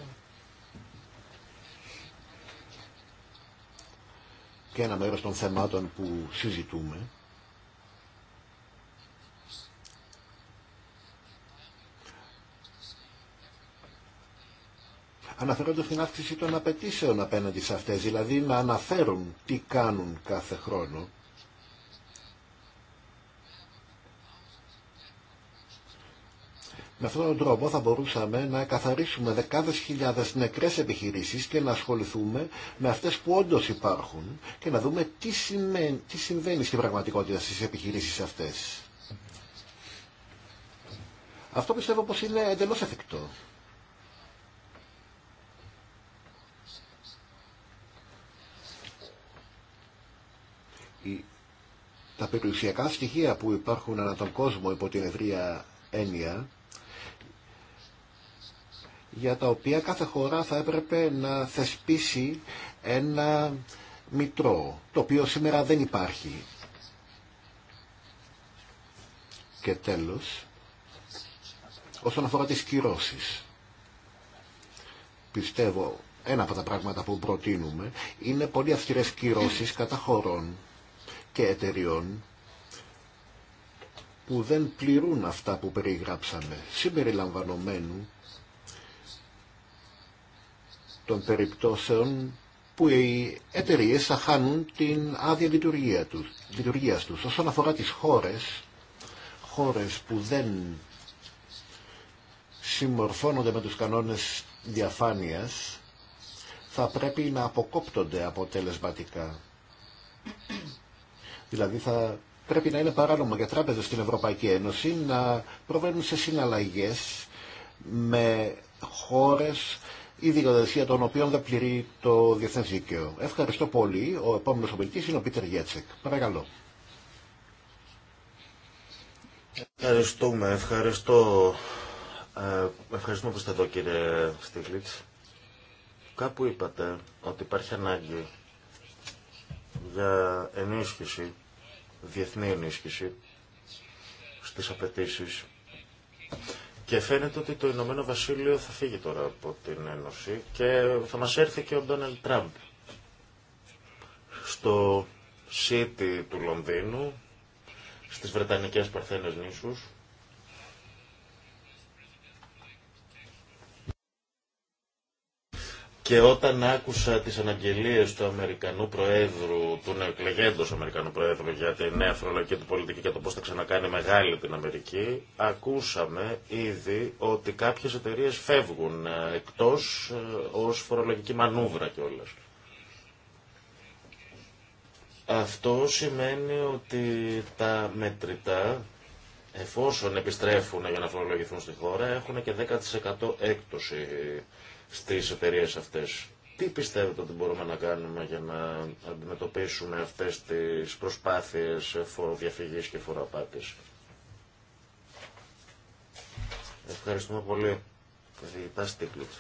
και ένα μέρος των θεμάτων που συζητούμε αναφέρονται στην αύξηση των απαιτήσεων απέναντι σε αυτές, δηλαδή να αναφέρουν τι κάνουν κάθε χρόνο. Με αυτόν τον τρόπο θα μπορούσαμε να καθαρίσουμε δεκάδες χιλιάδες νεκρές επιχειρήσεις και να ασχοληθούμε με αυτές που όντως υπάρχουν και να δούμε τι, σημαίνει, τι συμβαίνει στην πραγματικότητα στις επιχειρήσεις αυτές. Αυτό πιστεύω πως είναι εντελώς εφικτό. Τα περιουσιακά στοιχεία που υπάρχουν ανά τον κόσμο υπό την ευρεία έννοια για τα οποία κάθε χώρα θα έπρεπε να θεσπίσει ένα μητρό, το οποίο σήμερα δεν υπάρχει. Και τέλος, όσον αφορά τις κυρώσεις, πιστεύω ένα από τα πράγματα που προτείνουμε είναι πολύ αυστηρές κυρώσεις κατά χωρών και εταιριών που δεν πληρούν αυτά που περιγράψαμε, συμπεριλαμβανομένου των περιπτώσεων που οι εταιρείε θα χάνουν την άδεια λειτουργία τους, λειτουργίας τους. Όσον αφορά τις χώρες, χώρες που δεν συμμορφώνονται με τους κανόνες διαφάνειας, θα πρέπει να αποκόπτονται αποτελεσματικά. Δηλαδή θα πρέπει να είναι παράνομο για τράπεζες στην Ευρωπαϊκή Ένωση να προβαίνουν σε συναλλαγές με χώρες η δικαιοδοσία των οποίων δεν πληρεί το διεθνέ δίκαιο. Ευχαριστώ πολύ. Ο επόμενο ομιλητή είναι ο Πίτερ Γέτσεκ. Παρακαλώ. Ευχαριστούμε. Ευχαριστώ. Ε, ευχαριστούμε που είστε εδώ κύριε Στίγλιτς. Κάπου είπατε ότι υπάρχει ανάγκη για ενίσχυση, διεθνή ενίσχυση στις απαιτήσει. Και φαίνεται ότι το Ηνωμένο Βασίλειο θα φύγει τώρα από την Ένωση και θα μας έρθει και ο Ντόναλτ Τραμπ. Στο City του Λονδίνου, στις Βρετανικές Παρθένες νήσους, Και όταν άκουσα τι αναγγελίε του Αμερικανού Προέδρου, του νεοκλεγέντο Αμερικανού Προέδρου για τη νέα φορολογική του πολιτική και το πώ θα ξανακάνει μεγάλη την Αμερική, ακούσαμε ήδη ότι κάποιε εταιρείε φεύγουν ε, εκτό ε, ω φορολογική μανούβρα κιόλα. Αυτό σημαίνει ότι τα μετρητά, εφόσον επιστρέφουν για να φορολογηθούν στη χώρα, έχουν και 10% έκπτωση στις εταιρείε αυτές. Τι πιστεύετε ότι μπορούμε να κάνουμε για να αντιμετωπίσουμε αυτές τις προσπάθειες φοροδιαφυγής και φοροαπάτης. Ευχαριστούμε πολύ, καθηγητά Στίκλιτ.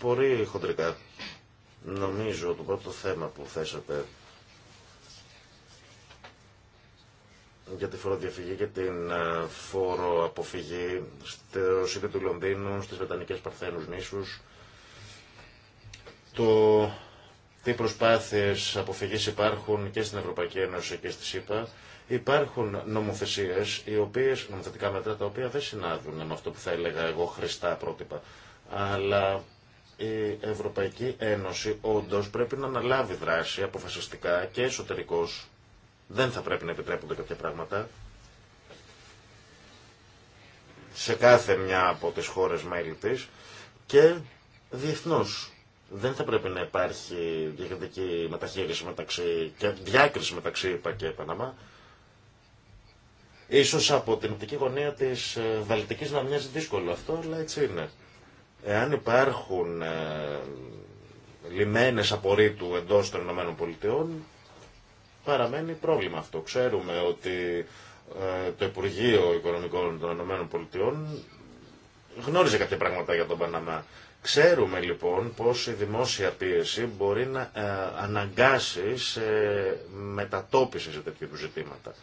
Πολύ χοντρικά. Νομίζω το πρώτο θέμα που θέσατε για τη φοροδιαφυγή και την ε, φοροαποφυγή στο σύνδεο του Λονδίνου, στις Βρετανικές Παρθένους νήσους. Το τι προσπάθειες αποφυγής υπάρχουν και στην Ευρωπαϊκή Ένωση και στη ΣΥΠΑ. Υπάρχουν νομοθεσίες, οι οποίες, νομοθετικά μέτρα, τα οποία δεν συνάδουν με αυτό που θα έλεγα εγώ χρηστά πρότυπα. Αλλά η Ευρωπαϊκή Ένωση όντως πρέπει να αναλάβει δράση αποφασιστικά και εσωτερικός δεν θα πρέπει να επιτρέπονται κάποια πράγματα. Σε κάθε μια από τις χώρες μέλη της και διεθνώς. Δεν θα πρέπει να υπάρχει διακριτική μεταχείριση μεταξύ και διάκριση μεταξύ ΕΠΑ και Παναμά. Ίσως από την οπτική γωνία της ε, Βαλτικής να μοιάζει δύσκολο αυτό, αλλά έτσι είναι. Εάν υπάρχουν ε, λιμένες απορρίτου εντός των ΗΠΑ, παραμένει πρόβλημα αυτό. Ξέρουμε ότι ε, το Υπουργείο Οικονομικών των Πολιτειών γνώριζε κάποια πράγματα για τον Παναμά. Ξέρουμε λοιπόν πως η δημόσια πίεση μπορεί να ε, αναγκάσει σε μετατόπιση σε τέτοιου ζητήματα.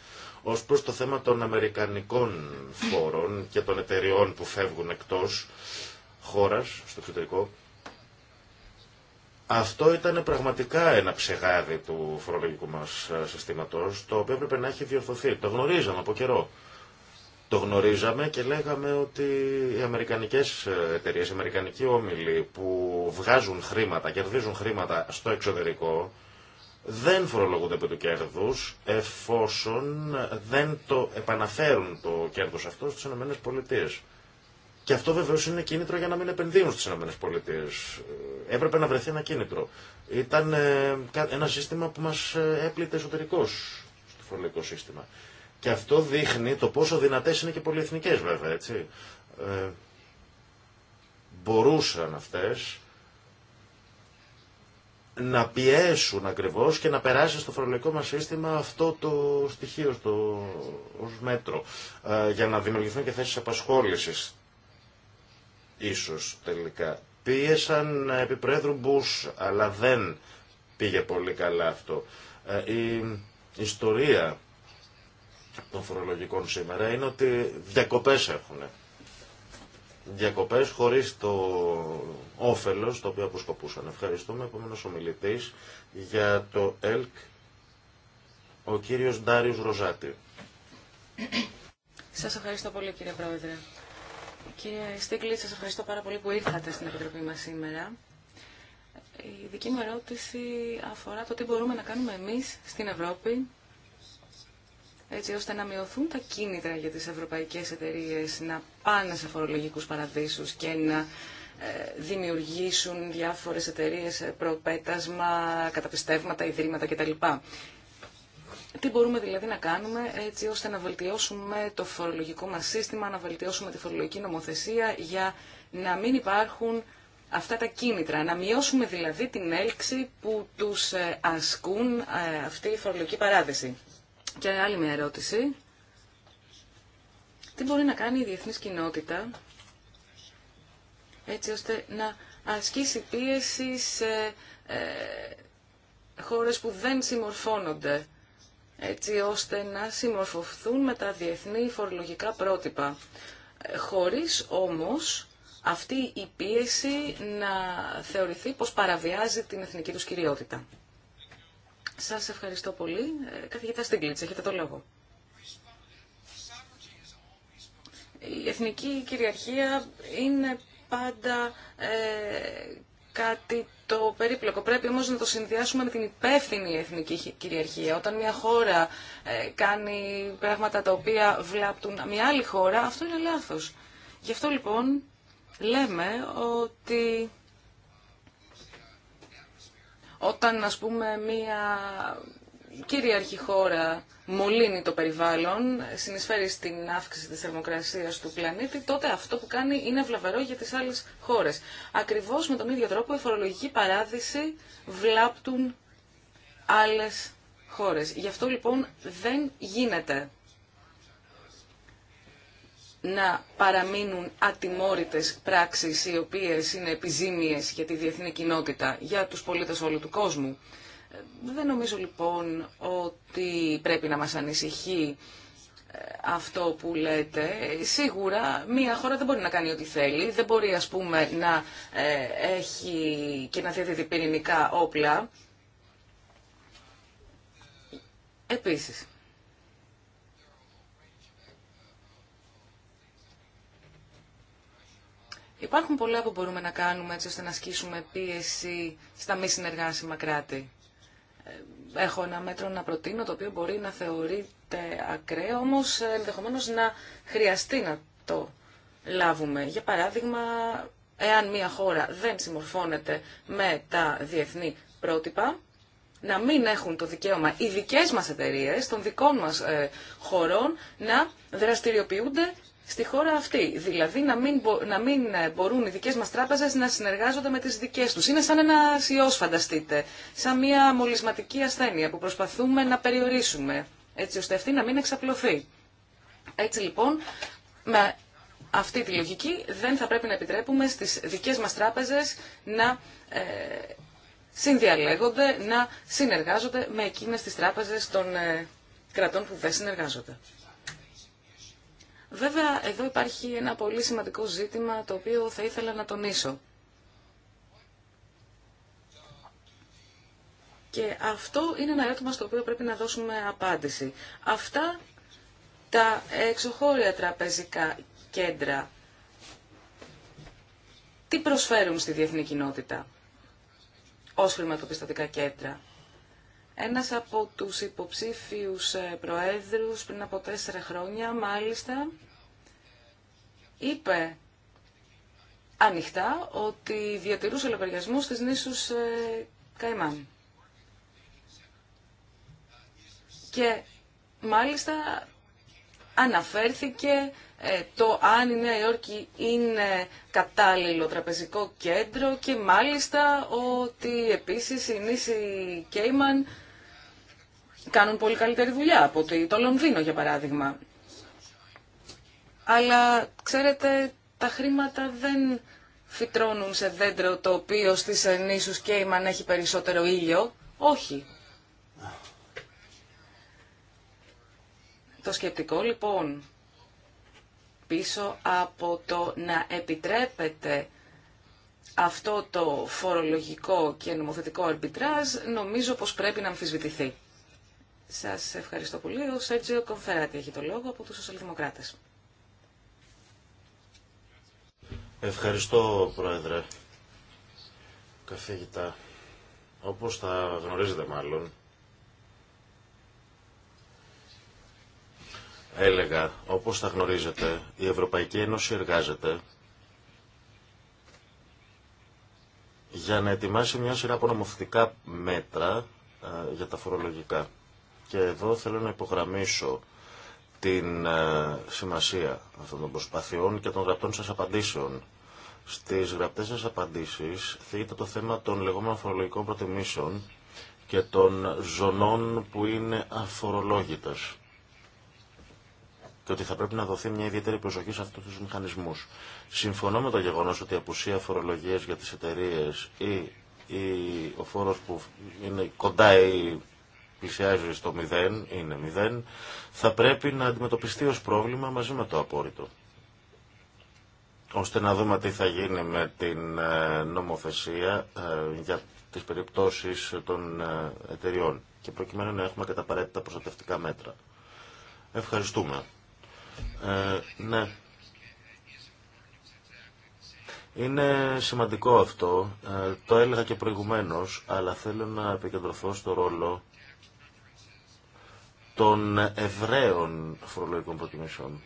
Ως προς το θέμα των αμερικανικών φόρων και των εταιριών που φεύγουν εκτός χώρας, στο εξωτερικό, αυτό ήταν πραγματικά ένα ψεγάδι του φορολογικού μα ε, συστήματο, το οποίο έπρεπε να έχει διορθωθεί. Το γνωρίζαμε από καιρό. Το γνωρίζαμε και λέγαμε ότι οι αμερικανικές ε, εταιρείες, οι αμερικανικοί όμιλοι που βγάζουν χρήματα, κερδίζουν χρήματα στο εξωτερικό, δεν φορολογούνται από το κέρδου εφόσον δεν το επαναφέρουν το κέρδος αυτό στι ΗΠΑ. Και αυτό βεβαίω είναι κίνητρο για να μην επενδύουν στι ΗΠΑ. Έπρεπε να βρεθεί ένα κίνητρο. Ήταν ε, ένα σύστημα που μα ε, έπλητε εσωτερικώ στο φορολογικό σύστημα. Και αυτό δείχνει το πόσο δυνατέ είναι και πολυεθνικέ βέβαια, έτσι. Ε, μπορούσαν αυτέ να πιέσουν ακριβώ και να περάσει στο φορολογικό μα σύστημα αυτό το στοιχείο ω ως μέτρο ε, για να δημιουργηθούν και θέσει απασχόληση ίσως τελικά. Πίεσαν επί αλλά δεν πήγε πολύ καλά αυτό. Ε, η ιστορία των φορολογικών σήμερα είναι ότι διακοπές έχουν. Διακοπές χωρίς το όφελος το οποίο αποσκοπούσαν. Ευχαριστούμε. Επόμενος ομιλητής για το ΕΛΚ, ο κύριος Ντάριος Ροζάτη. Σας ευχαριστώ πολύ κύριε Πρόεδρε. Κύριε Στίγκλη, σας ευχαριστώ πάρα πολύ που ήρθατε στην Επιτροπή μας σήμερα. Η δική μου ερώτηση αφορά το τι μπορούμε να κάνουμε εμείς στην Ευρώπη έτσι ώστε να μειωθούν τα κίνητρα για τις ευρωπαϊκές εταιρείες να πάνε σε φορολογικούς παραδείσους και να ε, δημιουργήσουν διάφορες εταιρείες ε, προπέτασμα, καταπιστεύματα, ιδρύματα κτλ. Τι μπορούμε δηλαδή να κάνουμε έτσι ώστε να βελτιώσουμε το φορολογικό μας σύστημα, να βελτιώσουμε τη φορολογική νομοθεσία για να μην υπάρχουν αυτά τα κίνητρα. Να μειώσουμε δηλαδή την έλξη που τους ε, ασκούν ε, αυτή η φορολογική παράδεση. Και άλλη μια ερώτηση. Τι μπορεί να κάνει η διεθνής κοινότητα έτσι ώστε να ασκήσει πίεση σε ε, χώρες που δεν συμμορφώνονται έτσι ώστε να συμμορφωθούν με τα διεθνή φορολογικά πρότυπα. Ε, χωρίς όμως αυτή η πίεση να θεωρηθεί πως παραβιάζει την εθνική τους κυριότητα. Σας ευχαριστώ πολύ. Ε, καθηγητά Στίγκλιτς, έχετε το λόγο. Η εθνική κυριαρχία είναι πάντα ε, κάτι το περίπλοκο. Πρέπει όμως να το συνδυάσουμε με την υπεύθυνη εθνική κυριαρχία. Όταν μια χώρα ε, κάνει πράγματα τα οποία βλάπτουν μια άλλη χώρα, αυτό είναι λάθος. Γι' αυτό λοιπόν λέμε ότι όταν ας πούμε μια κυρίαρχη χώρα μολύνει το περιβάλλον, συνεισφέρει στην αύξηση της θερμοκρασίας του πλανήτη, τότε αυτό που κάνει είναι βλαβερό για τις άλλες χώρες. Ακριβώς με τον ίδιο τρόπο η φορολογική παράδειση βλάπτουν άλλες χώρες. Γι' αυτό λοιπόν δεν γίνεται να παραμείνουν ατιμόρυτες πράξεις οι οποίες είναι επιζήμιες για τη διεθνή κοινότητα, για τους πολίτες όλου του κόσμου. Δεν νομίζω λοιπόν ότι πρέπει να μας ανησυχεί ε, αυτό που λέτε. Σίγουρα μία χώρα δεν μπορεί να κάνει ό,τι θέλει. Δεν μπορεί ας πούμε να ε, έχει και να θέτει πυρηνικά όπλα. Επίσης. Υπάρχουν πολλά που μπορούμε να κάνουμε έτσι ώστε να ασκήσουμε πίεση στα μη συνεργάσιμα κράτη έχω ένα μέτρο να προτείνω το οποίο μπορεί να θεωρείται ακραίο, όμως ε, ενδεχομένως να χρειαστεί να το λάβουμε. Για παράδειγμα, εάν μια χώρα δεν συμμορφώνεται με τα διεθνή πρότυπα, να μην έχουν το δικαίωμα οι δικές μας εταιρείες των δικών μας ε, χωρών να δραστηριοποιούνται στη χώρα αυτή. Δηλαδή να μην, να μην ε, μπορούν οι δικές μας τράπεζες να συνεργάζονται με τις δικές τους. Είναι σαν ένα ιός φανταστείτε, σαν μια μολυσματική ασθένεια που προσπαθούμε να περιορίσουμε έτσι ώστε αυτή να μην εξαπλωθεί. Έτσι λοιπόν, με αυτή τη λογική δεν θα πρέπει να επιτρέπουμε στις δικές μας τράπεζες να ε, συνδιαλέγονται, να συνεργάζονται με εκείνες τις τράπεζες των ε, κρατών που δεν συνεργάζονται. Βέβαια, εδώ υπάρχει ένα πολύ σημαντικό ζήτημα το οποίο θα ήθελα να τονίσω. Και αυτό είναι ένα ερώτημα στο οποίο πρέπει να δώσουμε απάντηση. Αυτά τα εξωχώρια τραπεζικά κέντρα τι προσφέρουν στη διεθνή κοινότητα ως χρηματοπιστωτικά κέντρα. Ένας από τους υποψήφιους ε, προέδρους πριν από τέσσερα χρόνια μάλιστα είπε ανοιχτά ότι διατηρούσε λογαριασμού στις νήσους ε, Καϊμάν. Και μάλιστα αναφέρθηκε ε, το αν η Νέα Υόρκη είναι κατάλληλο τραπεζικό κέντρο και μάλιστα ότι επίσης η νήση Κέιμαν κάνουν πολύ καλύτερη δουλειά από το Λονδίνο, για παράδειγμα. Αλλά, ξέρετε, τα χρήματα δεν φυτρώνουν σε δέντρο το οποίο στις και Κέιμαν έχει περισσότερο ήλιο. Όχι. Το σκεπτικό, λοιπόν, πίσω από το να επιτρέπεται αυτό το φορολογικό και νομοθετικό αρμπιτράζ νομίζω πως πρέπει να αμφισβητηθεί. Σας ευχαριστώ πολύ. Ο Σέτζιο Κομφεράτη έχει το λόγο από τους Σοσιαλδημοκράτες. Ευχαριστώ, Πρόεδρε. Καθηγητά, όπως τα γνωρίζετε μάλλον, έλεγα, όπως τα γνωρίζετε, η Ευρωπαϊκή Ένωση εργάζεται για να ετοιμάσει μια σειρά από νομοθετικά μέτρα ε, για τα φορολογικά. Και εδώ θέλω να υπογραμμίσω την ε, σημασία αυτών των προσπαθειών και των γραπτών σας απαντήσεων. Στις γραπτές σας απαντήσεις θίγεται το θέμα των λεγόμενων φορολογικών προτιμήσεων και των ζωνών που είναι αφορολόγητες και ότι θα πρέπει να δοθεί μια ιδιαίτερη προσοχή σε αυτού του μηχανισμού. Συμφωνώ με το γεγονό ότι η απουσία φορολογία για τι εταιρείε ή, ή ο φόρο που είναι κοντά ή πλησιάζει στο 0, είναι 0, θα πρέπει να αντιμετωπιστεί ως πρόβλημα μαζί με το απόρριτο. Ώστε να δούμε τι θα γίνει με την ε, νομοθεσία ε, για τις περιπτώσεις των ε, εταιριών και προκειμένου να έχουμε τα απαραίτητα προστατευτικά μέτρα. Ευχαριστούμε. Ε, ναι. Είναι σημαντικό αυτό, το έλεγα και προηγουμένως, αλλά θέλω να επικεντρωθώ στο ρόλο των Εβραίων φορολογικών προτιμήσεων.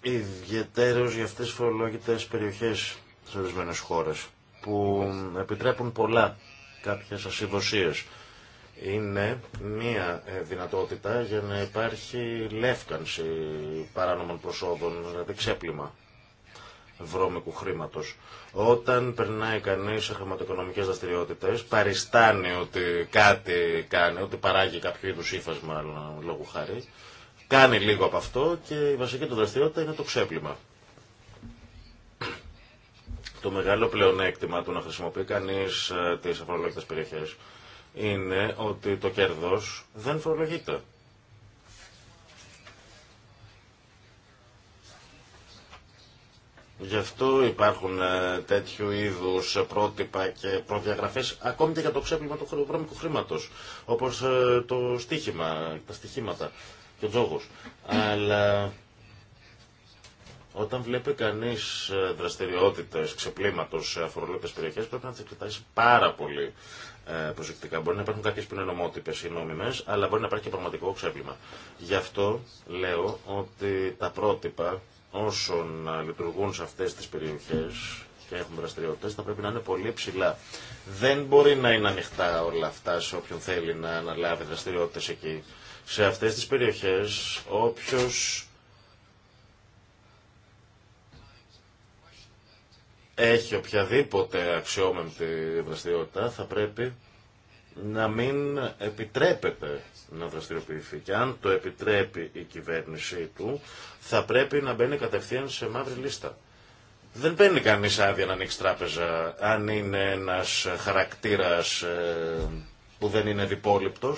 ιδιαίτερως για αυτές τις φορολογητές περιοχές σε ορισμένε χώρες που επιτρέπουν πολλά κάποιες ασυμβοσίες Είναι μία ε, δυνατότητα για να υπάρχει λεύκανση παράνομων προσόδων, δηλαδή ξέπλυμα βρώμικου χρήματο. Όταν περνάει κανεί σε χρηματοοικονομικέ δραστηριότητε, παριστάνει ότι κάτι κάνει, ότι παράγει κάποιο είδου ύφασμα λόγου χάρη, κάνει λίγο από αυτό και η βασική του δραστηριότητα είναι το ξέπλυμα. Το μεγάλο πλεονέκτημα του να χρησιμοποιεί κανεί ε, τι αφορολόγητε περιοχέ είναι ότι το κέρδο δεν φορολογείται. Γι' αυτό υπάρχουν ε, τέτοιου είδου πρότυπα και προδιαγραφέ ακόμη και για το ξέπλυμα του βρώμικου χρήματο. Όπω ε, το στοίχημα, τα στοιχήματα και ο τζόγο. Αλλά όταν βλέπει κανεί ε, δραστηριότητε ξεπλήματο σε αφορολόγητε περιοχέ πρέπει να τι εξετάσει πάρα πολύ προσεκτικά. Μπορεί να υπάρχουν κάποιε που είναι νομότυπε ή νόμιμε, αλλά μπορεί να υπάρχει και πραγματικό ξέπλυμα. Γι' αυτό λέω ότι τα πρότυπα όσων λειτουργούν σε αυτές τις περιοχές και έχουν δραστηριότητες θα πρέπει να είναι πολύ ψηλά. Δεν μπορεί να είναι ανοιχτά όλα αυτά σε όποιον θέλει να αναλάβει δραστηριότητες εκεί. Σε αυτές τις περιοχές όποιος έχει οποιαδήποτε αξιόμενη δραστηριότητα θα πρέπει να μην επιτρέπεται να δραστηριοποιηθεί. Και αν το επιτρέπει η κυβέρνησή του, θα πρέπει να μπαίνει κατευθείαν σε μαύρη λίστα. Δεν παίρνει κανεί άδεια να ανοίξει τράπεζα αν είναι ένα χαρακτήρα ε, που δεν είναι διπόληπτο.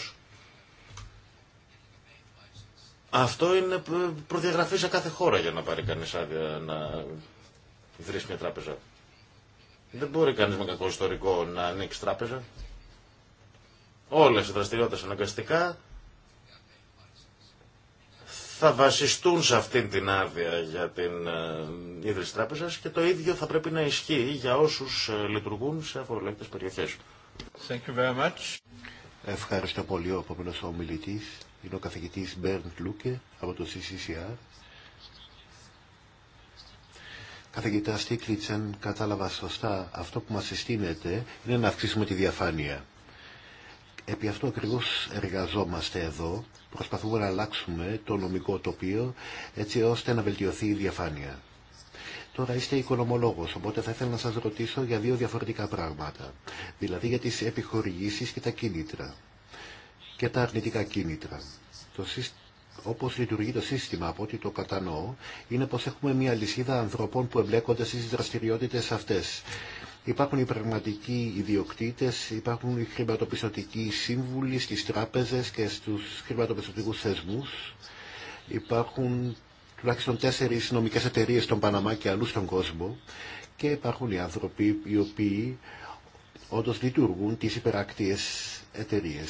Αυτό είναι προδιαγραφή σε κάθε χώρα για να πάρει κανεί άδεια να βρει μια τράπεζα. Δεν μπορεί κανεί με κακό ιστορικό να ανοίξει τράπεζα όλες οι δραστηριότητες αναγκαστικά θα βασιστούν σε αυτήν την άδεια για την ε, ίδρυση τράπεζας και το ίδιο θα πρέπει να ισχύει για όσους ε, λειτουργούν σε αφορολόγητες περιοχές. Thank you Ευχαριστώ πολύ ο επόμενος ομιλητής. Είναι ο καθηγητής Μπέρντ Λούκε από το CCCR. Καθηγητά Στίκλιτσεν, κατάλαβα σωστά αυτό που μας συστήνεται είναι να αυξήσουμε τη διαφάνεια. Επί αυτό ακριβώ εργαζόμαστε εδώ. Προσπαθούμε να αλλάξουμε το νομικό τοπίο έτσι ώστε να βελτιωθεί η διαφάνεια. Τώρα είστε οικονομολόγος, οπότε θα ήθελα να σας ρωτήσω για δύο διαφορετικά πράγματα. Δηλαδή για τις επιχορηγήσεις και τα κίνητρα. Και τα αρνητικά κίνητρα. Το σύστημα όπως λειτουργεί το σύστημα, από ό,τι το κατανοώ, είναι πως έχουμε μια λυσίδα ανθρωπών που εμπλέκονται στις δραστηριότητες αυτές. Υπάρχουν οι πραγματικοί ιδιοκτήτες, υπάρχουν οι χρηματοπιστωτικοί σύμβουλοι στις τράπεζες και στους χρηματοπιστωτικού θεσμούς. Υπάρχουν τουλάχιστον τέσσερις νομικές εταιρείες στον Παναμά και αλλού στον κόσμο και υπάρχουν οι άνθρωποι οι οποίοι όντω λειτουργούν τις υπερακτίες εταιρείε.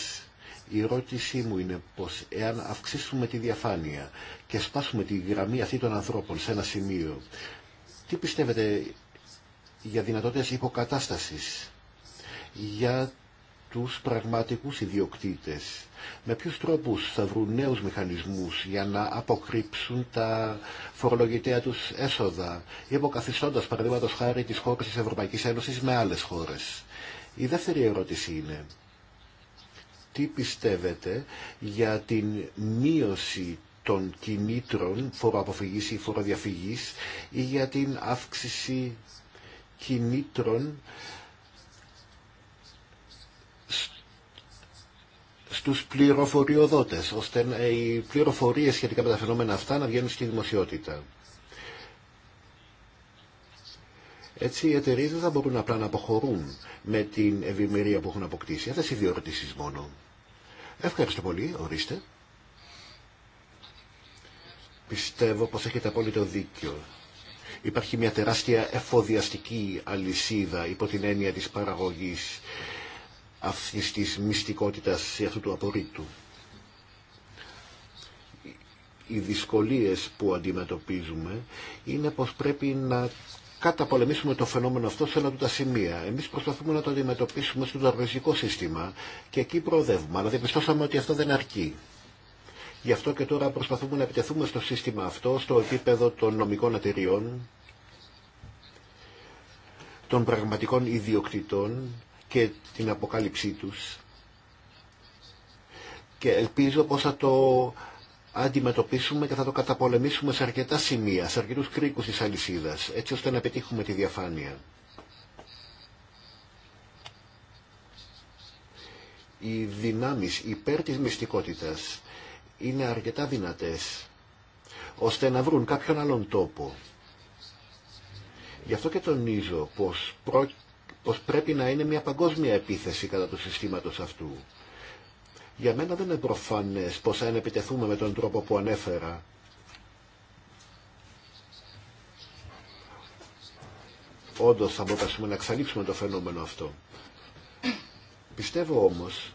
Η ερώτησή μου είναι πως εάν αυξήσουμε τη διαφάνεια και σπάσουμε τη γραμμή αυτή των ανθρώπων σε ένα σημείο, τι πιστεύετε για δυνατότητες υποκατάστασης, για τους πραγματικούς ιδιοκτήτες. Με ποιους τρόπους θα βρουν νέους μηχανισμούς για να αποκρύψουν τα φορολογητέα τους έσοδα, υποκαθιστώντας παραδείγματος χάρη τις χώρες της Ευρωπαϊκής Ένωσης με άλλες χώρες. Η δεύτερη ερώτηση είναι, τι πιστεύετε για την μείωση των κινήτρων φοροαποφυγής ή φοροδιαφυγής ή για την αύξηση κινήτρων στους πληροφοριοδότες, ώστε οι πληροφορίες σχετικά με τα φαινόμενα αυτά να βγαίνουν στη δημοσιότητα. Έτσι οι εταιρείε δεν θα μπορούν απλά να αποχωρούν με την ευημερία που έχουν αποκτήσει. Αυτές οι δύο ερωτήσεις μόνο. Ευχαριστώ πολύ. Ορίστε. Πιστεύω πως έχετε απόλυτο δίκιο. Υπάρχει μια τεράστια εφοδιαστική αλυσίδα υπό την έννοια της παραγωγής αυτής της μυστικότητας σε αυτού του απορρίτου. Οι δυσκολίες που αντιμετωπίζουμε είναι πως πρέπει να καταπολεμήσουμε το φαινόμενο αυτό σε όλα του τα σημεία. Εμεί προσπαθούμε να το αντιμετωπίσουμε στο τουαρβιστικό σύστημα και εκεί προοδεύουμε. Αλλά διαπιστώσαμε ότι αυτό δεν αρκεί. Γι' αυτό και τώρα προσπαθούμε να επιτεθούμε στο σύστημα αυτό, στο επίπεδο των νομικών εταιριών, των πραγματικών ιδιοκτητών και την αποκάλυψή τους. Και ελπίζω πως θα το αντιμετωπίσουμε και θα το καταπολεμήσουμε σε αρκετά σημεία, σε αρκετούς κρίκους της αλυσίδας, έτσι ώστε να πετύχουμε τη διαφάνεια. Οι δυνάμεις υπέρ της μυστικότητας είναι αρκετά δυνατές ώστε να βρουν κάποιον άλλον τόπο. Γι' αυτό και τονίζω πως, πως πρέπει να είναι μια παγκόσμια επίθεση κατά του συστήματος αυτού. Για μένα δεν είναι προφανές πως αν επιτεθούμε με τον τρόπο που ανέφερα, όντως θα μπορέσουμε να εξαλείψουμε το φαινόμενο αυτό. Πιστεύω όμως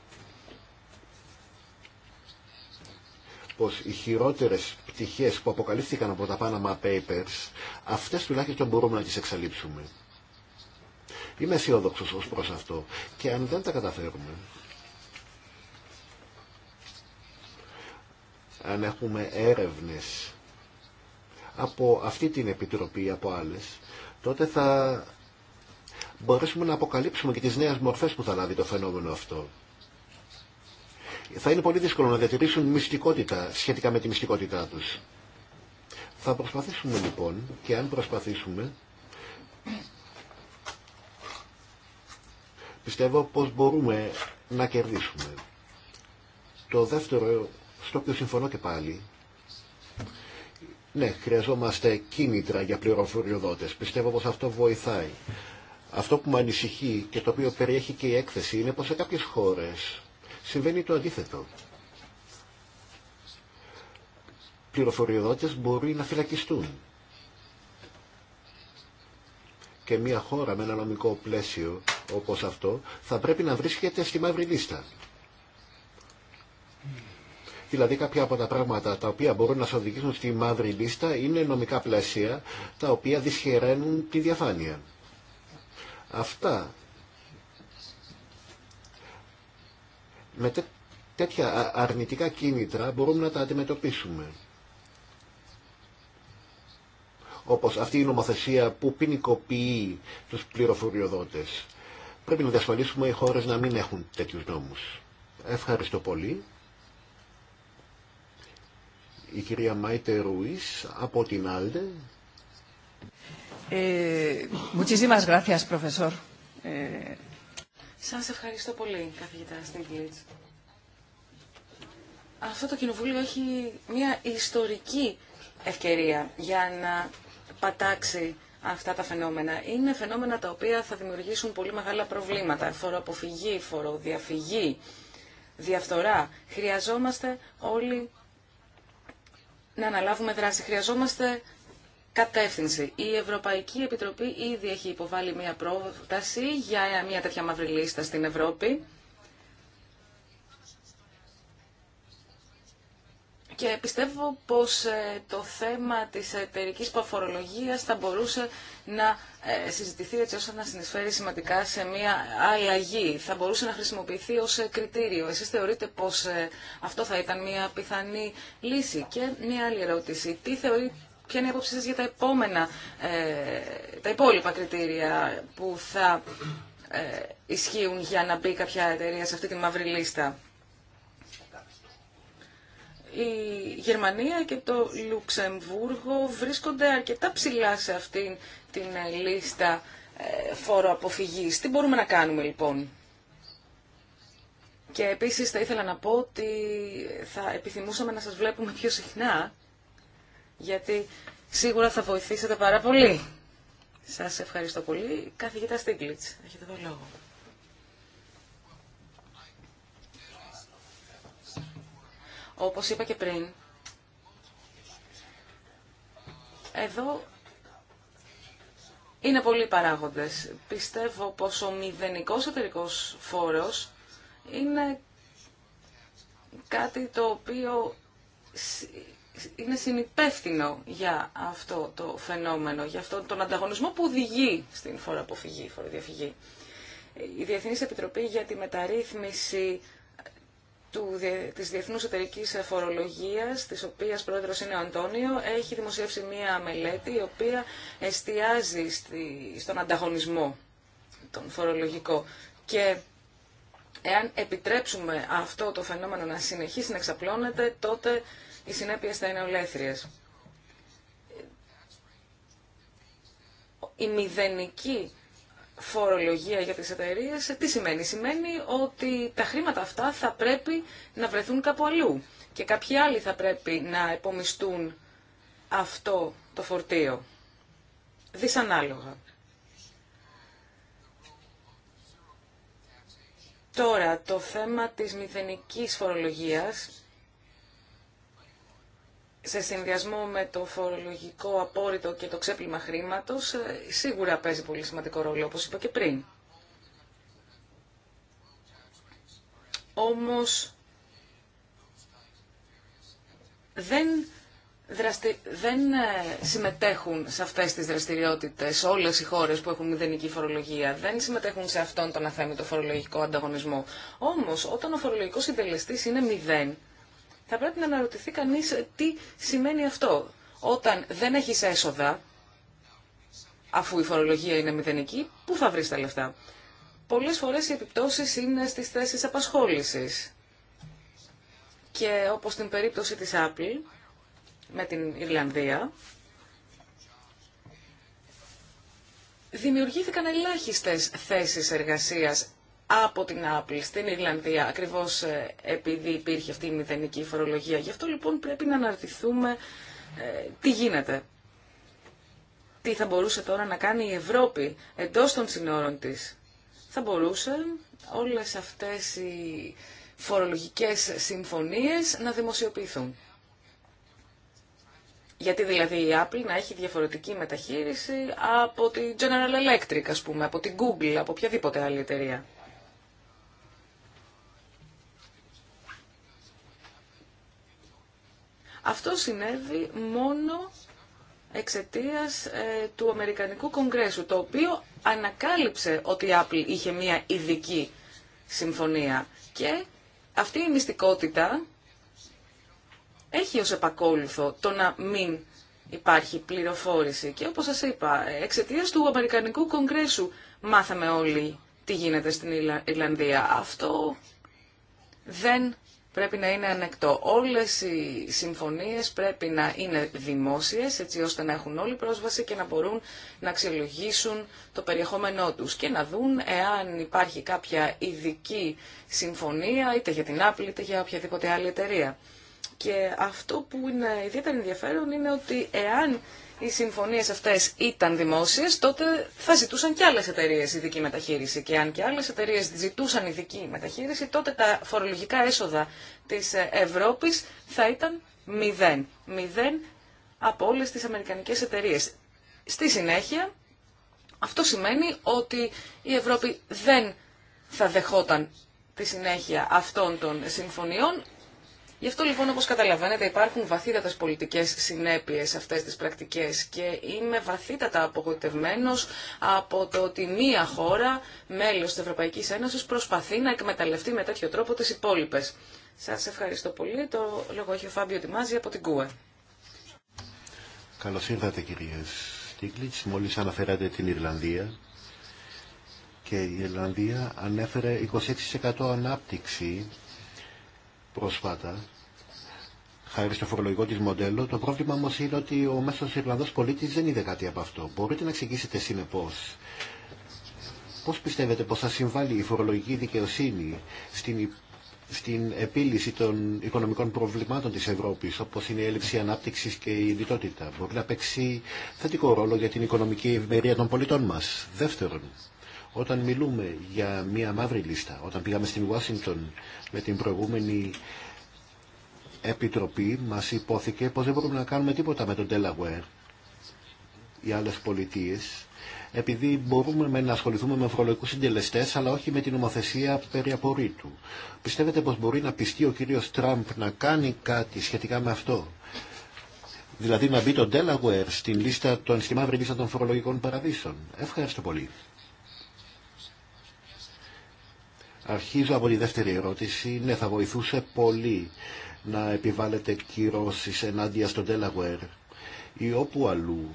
πως οι χειρότερες πτυχές που αποκαλύφθηκαν από τα Panama Papers, αυτές τουλάχιστον μπορούμε να τις εξαλείψουμε. Είμαι αισιόδοξο ως προς αυτό. Και αν δεν τα καταφέρουμε, αν έχουμε έρευνες από αυτή την επιτροπή ή από άλλες, τότε θα μπορέσουμε να αποκαλύψουμε και τις νέες μορφές που θα λάβει το φαινόμενο αυτό θα είναι πολύ δύσκολο να διατηρήσουν μυστικότητα σχετικά με τη μυστικότητά τους. Θα προσπαθήσουμε λοιπόν και αν προσπαθήσουμε πιστεύω πως μπορούμε να κερδίσουμε. Το δεύτερο, στο οποίο συμφωνώ και πάλι, ναι, χρειαζόμαστε κίνητρα για πληροφοριοδότες. Πιστεύω πως αυτό βοηθάει. Αυτό που με ανησυχεί και το οποίο περιέχει και η έκθεση είναι πως σε κάποιες χώρες Συμβαίνει το αντίθετο. Πληροφοριοδότες μπορεί να φυλακιστούν. Και μια χώρα με ένα νομικό πλαίσιο όπως αυτό θα πρέπει να βρίσκεται στη μαύρη λίστα. Δηλαδή κάποια από τα πράγματα τα οποία μπορούν να σε οδηγήσουν στη μαύρη λίστα είναι νομικά πλαίσια τα οποία δυσχεραίνουν τη διαφάνεια. Αυτά με τέτοια αρνητικά κίνητρα μπορούμε να τα αντιμετωπίσουμε. Όπως αυτή η νομοθεσία που ποινικοποιεί τους πληροφοριοδότες. Πρέπει να διασφαλίσουμε οι χώρες να μην έχουν τέτοιους νόμους. Ευχαριστώ πολύ. Η κυρία Μάιτε Ρουίς από την Άλτε. Ε, muchísimas gracias, σας ευχαριστώ πολύ, καθηγητά Στίγκλιτς. Αυτό το κοινοβούλιο έχει μια ιστορική ευκαιρία για να πατάξει αυτά τα φαινόμενα. Είναι φαινόμενα τα οποία θα δημιουργήσουν πολύ μεγάλα προβλήματα. Φοροαποφυγή, φοροδιαφυγή, διαφθορά. Χρειαζόμαστε όλοι να αναλάβουμε δράση. Χρειαζόμαστε κατεύθυνση. Η Ευρωπαϊκή Επιτροπή ήδη έχει υποβάλει μια πρόταση για μια τέτοια μαύρη λίστα στην Ευρώπη. Και πιστεύω πως ε, το θέμα της εταιρικής παφορολογίας θα μπορούσε να ε, συζητηθεί έτσι ώστε να συνεισφέρει σημαντικά σε μια αλλαγή. Θα μπορούσε να χρησιμοποιηθεί ως ε, κριτήριο. Εσείς θεωρείτε πως αυτό θα ήταν μια πιθανή λύση. Και μια άλλη ερώτηση. Τι θεωρείτε ποια είναι η άποψή σας για τα επόμενα, ε, τα υπόλοιπα κριτήρια που θα ε, ισχύουν για να μπει κάποια εταιρεία σε αυτή τη μαύρη λίστα. Η Γερμανία και το Λουξεμβούργο βρίσκονται αρκετά ψηλά σε αυτήν την λίστα ε, φόρο αποφυγής. Τι μπορούμε να κάνουμε λοιπόν. Και επίσης θα ήθελα να πω ότι θα επιθυμούσαμε να σας βλέπουμε πιο συχνά γιατί σίγουρα θα βοηθήσετε πάρα πολύ. Σας ευχαριστώ πολύ. Καθηγήτα Στίγκλιτς, έχετε το λόγο. Όπως είπα και πριν, εδώ είναι πολλοί παράγοντες. Πιστεύω πως ο μηδενικός εταιρικός φόρος είναι κάτι το οποίο είναι συνυπεύθυνο για αυτό το φαινόμενο, για αυτόν τον ανταγωνισμό που οδηγεί στην φοροαποφυγή, φοροδιαφυγή. Η Διεθνής Επιτροπή για τη Μεταρρύθμιση του, της Διεθνούς Εταιρικής Φορολογίας, της οποίας πρόεδρος είναι ο Αντώνιο, έχει δημοσιεύσει μία μελέτη η οποία εστιάζει στη, στον ανταγωνισμό τον φορολογικό. Και εάν επιτρέψουμε αυτό το φαινόμενο να συνεχίσει να εξαπλώνεται, τότε οι συνέπειες θα είναι ολέθριες. Η μηδενική φορολογία για τις εταιρείες, τι σημαίνει. Σημαίνει ότι τα χρήματα αυτά θα πρέπει να βρεθούν κάπου αλλού και κάποιοι άλλοι θα πρέπει να επομιστούν αυτό το φορτίο. Δυσανάλογα. Τώρα, το θέμα της μηδενικής φορολογίας σε συνδυασμό με το φορολογικό απόρριτο και το ξέπλυμα χρήματος, ε, σίγουρα παίζει πολύ σημαντικό ρόλο, όπως είπα και πριν. Όμως, δεν, δραστη... δεν ε, συμμετέχουν σε αυτές τις δραστηριότητες όλες οι χώρες που έχουν μηδενική φορολογία. Δεν συμμετέχουν σε αυτόν τον αθέμητο φορολογικό ανταγωνισμό. Όμως, όταν ο φορολογικός συντελεστής είναι μηδέν, θα πρέπει να αναρωτηθεί κανείς τι σημαίνει αυτό. Όταν δεν έχεις έσοδα, αφού η φορολογία είναι μηδενική, πού θα βρεις τα λεφτά. Πολλές φορές οι επιπτώσεις είναι στις θέσεις απασχόλησης. Και όπως στην περίπτωση της Apple, με την Ιρλανδία, δημιουργήθηκαν ελάχιστες θέσεις εργασίας από την Apple στην Ιρλανδία, ακριβώς ε, επειδή υπήρχε αυτή η μηδενική φορολογία. Γι' αυτό λοιπόν πρέπει να αναρτηθούμε ε, τι γίνεται. Τι θα μπορούσε τώρα να κάνει η Ευρώπη εντός των συνόρων της. Θα μπορούσε όλες αυτές οι φορολογικές συμφωνίες να δημοσιοποιηθούν. Γιατί δηλαδή η Apple να έχει διαφορετική μεταχείριση από την General Electric, ας πούμε, από την Google, από οποιαδήποτε άλλη εταιρεία. Αυτό συνέβη μόνο εξαιτία ε, του Αμερικανικού Κογκρέσου, το οποίο ανακάλυψε ότι η Apple είχε μία ειδική συμφωνία. Και αυτή η μυστικότητα έχει ως επακόλουθο το να μην υπάρχει πληροφόρηση. Και όπως σας είπα, εξαιτίας του Αμερικανικού Κογκρέσου μάθαμε όλοι τι γίνεται στην Ιρλανδία. Αυτό δεν πρέπει να είναι ανεκτό. Όλες οι συμφωνίες πρέπει να είναι δημόσιες, έτσι ώστε να έχουν όλη πρόσβαση και να μπορούν να αξιολογήσουν το περιεχόμενό τους και να δουν εάν υπάρχει κάποια ειδική συμφωνία, είτε για την Apple, είτε για οποιαδήποτε άλλη εταιρεία. Και αυτό που είναι ιδιαίτερα ενδιαφέρον είναι ότι εάν οι συμφωνίες αυτές ήταν δημόσιες, τότε θα ζητούσαν και άλλες εταιρείες ειδική μεταχείριση. Και αν και άλλες εταιρείες ζητούσαν ειδική μεταχείριση, τότε τα φορολογικά έσοδα της Ευρώπης θα ήταν μηδέν. Μηδέν από όλες τις αμερικανικές εταιρείες. Στη συνέχεια, αυτό σημαίνει ότι η Ευρώπη δεν θα δεχόταν τη συνέχεια αυτών των συμφωνιών Γι' αυτό λοιπόν όπω καταλαβαίνετε υπάρχουν βαθύτατες πολιτικέ συνέπειε σε αυτές τις πρακτικές και είμαι βαθύτατα απογοητευμένο από το ότι μία χώρα, μέλο τη Ευρωπαϊκή Ένωση προσπαθεί να εκμεταλλευτεί με τέτοιο τρόπο τι υπόλοιπε. Σα ευχαριστώ πολύ. Το λόγο έχει ο Φάμπιο Τιμάζη από την ΚΟΕ. Καλώ ήρθατε κυρίε Στίγκλιτ. Μόλι αναφέρατε την Ιρλανδία και η Ιρλανδία ανέφερε 26% ανάπτυξη πρόσφατα χάρη στο φορολογικό τη μοντέλο. Το πρόβλημα όμω είναι ότι ο μέσο Ιρλανδό πολίτη δεν είδε κάτι από αυτό. Μπορείτε να εξηγήσετε συνεπώ, πώ πιστεύετε πω θα συμβάλλει η φορολογική δικαιοσύνη στην στην επίλυση των οικονομικών προβλημάτων της Ευρώπης, όπως είναι η έλλειψη ανάπτυξης και η λιτότητα. Μπορεί να παίξει θετικό ρόλο για την οικονομική ευημερία των πολιτών μας. Δεύτερον, όταν μιλούμε για μια μαύρη λίστα, όταν πήγαμε στην Ουάσιγκτον με την προηγούμενη Επιτροπή μας υπόθηκε πως δεν μπορούμε να κάνουμε τίποτα με τον Delaware ή άλλες πολιτείες επειδή μπορούμε να ασχοληθούμε με φορολογικούς συντελεστές αλλά όχι με την ομοθεσία περί απορρίτου. Πιστεύετε πως μπορεί να πιστεί ο κύριος Τραμπ να κάνει κάτι σχετικά με αυτό. Δηλαδή να μπει το Delaware στην λίστα των στη λίστα των φορολογικών παραδείσων. Ευχαριστώ πολύ. Αρχίζω από τη δεύτερη ερώτηση. Ναι, θα βοηθούσε πολύ να επιβάλλεται κυρώσεις ενάντια στο Delaware ή όπου αλλού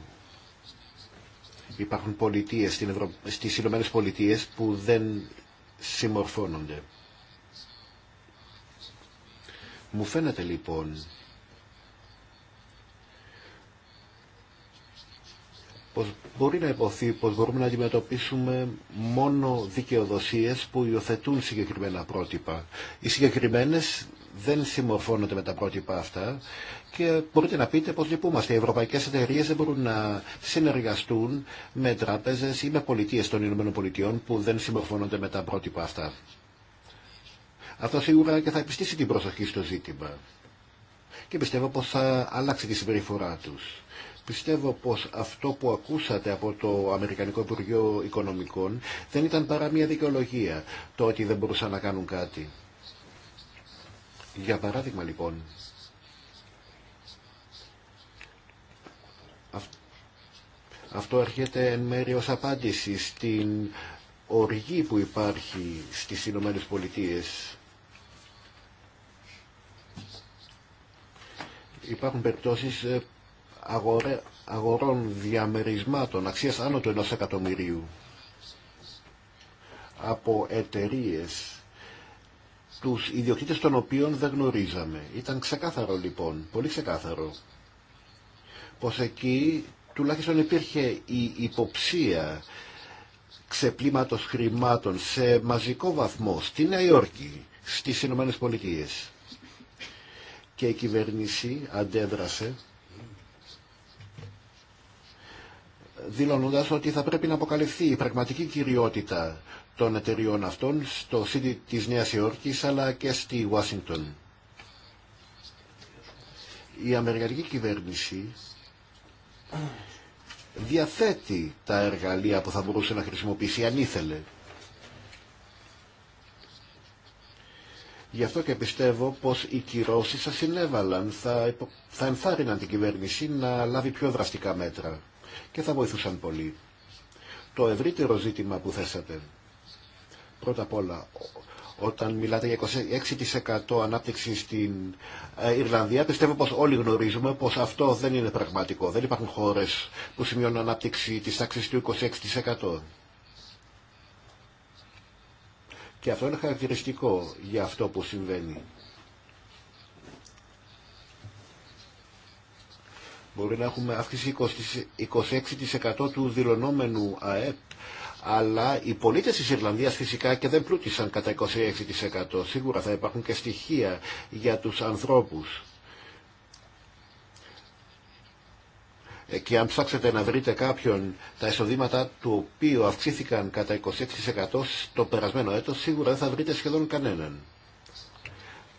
υπάρχουν πολιτείες στην Ευρω... στις Ηνωμένες Πολιτείες που δεν συμμορφώνονται. Μου φαίνεται λοιπόν πως μπορεί να υποθεί πως μπορούμε να αντιμετωπίσουμε μόνο δικαιοδοσίες που υιοθετούν συγκεκριμένα πρότυπα. Οι συγκεκριμένες δεν συμμορφώνονται με τα πρότυπα αυτά και μπορείτε να πείτε πως λυπούμαστε. Οι ευρωπαϊκές εταιρείες δεν μπορούν να συνεργαστούν με τράπεζες ή με πολιτείες των ΗΠΑ που δεν συμμορφώνονται με τα πρότυπα αυτά. Αυτό σίγουρα και θα επιστήσει την προσοχή στο ζήτημα και πιστεύω πως θα αλλάξει τη συμπεριφορά τους. Πιστεύω πως αυτό που ακούσατε από το Αμερικανικό Υπουργείο Οικονομικών δεν ήταν παρά μια δικαιολογία το ότι δεν μπορούσαν να κάνουν κάτι. Για παράδειγμα λοιπόν, αυτό έρχεται εν μέρει ως απάντηση στην οργή που υπάρχει στις Ηνωμένες Πολιτείες. Υπάρχουν περιπτώσεις ε, αγορε, αγορών διαμερισμάτων αξίας άνω του 1 εκατομμυρίου από εταιρείε τους ιδιοκτήτες των οποίων δεν γνωρίζαμε. Ήταν ξεκάθαρο λοιπόν, πολύ ξεκάθαρο, πως εκεί τουλάχιστον υπήρχε η υποψία ξεπλήματος χρημάτων σε μαζικό βαθμό στη Νέα Υόρκη, στις Ηνωμένες Πολιτείες. Και η κυβέρνηση αντέδρασε δηλώνοντας ότι θα πρέπει να αποκαλυφθεί η πραγματική κυριότητα των εταιριών αυτών στο City της Νέας Υόρκης αλλά και στη Ουάσιγκτον. Η Αμερικανική κυβέρνηση διαθέτει τα εργαλεία που θα μπορούσε να χρησιμοποιήσει αν ήθελε. Γι' αυτό και πιστεύω πως οι κυρώσεις θα συνέβαλαν, θα, θα ενθάρρυναν την κυβέρνηση να λάβει πιο δραστικά μέτρα και θα βοηθούσαν πολύ. Το ευρύτερο ζήτημα που θέσατε, πρώτα απ' όλα, όταν μιλάτε για 26% ανάπτυξη στην ε, Ιρλανδία, πιστεύω πως όλοι γνωρίζουμε πως αυτό δεν είναι πραγματικό. Δεν υπάρχουν χώρες που σημειώνουν ανάπτυξη της τάξης του 26%. Και αυτό είναι χαρακτηριστικό για αυτό που συμβαίνει. Μπορεί να έχουμε αύξηση 26% του δηλωνόμενου ΑΕΠ αλλά οι πολίτες της Ιρλανδίας φυσικά και δεν πλούτησαν κατά 26%. Σίγουρα θα υπάρχουν και στοιχεία για τους ανθρώπους. Ε, και αν ψάξετε να βρείτε κάποιον τα εισοδήματα του οποίου αυξήθηκαν κατά 26% το περασμένο έτος, σίγουρα δεν θα βρείτε σχεδόν κανέναν.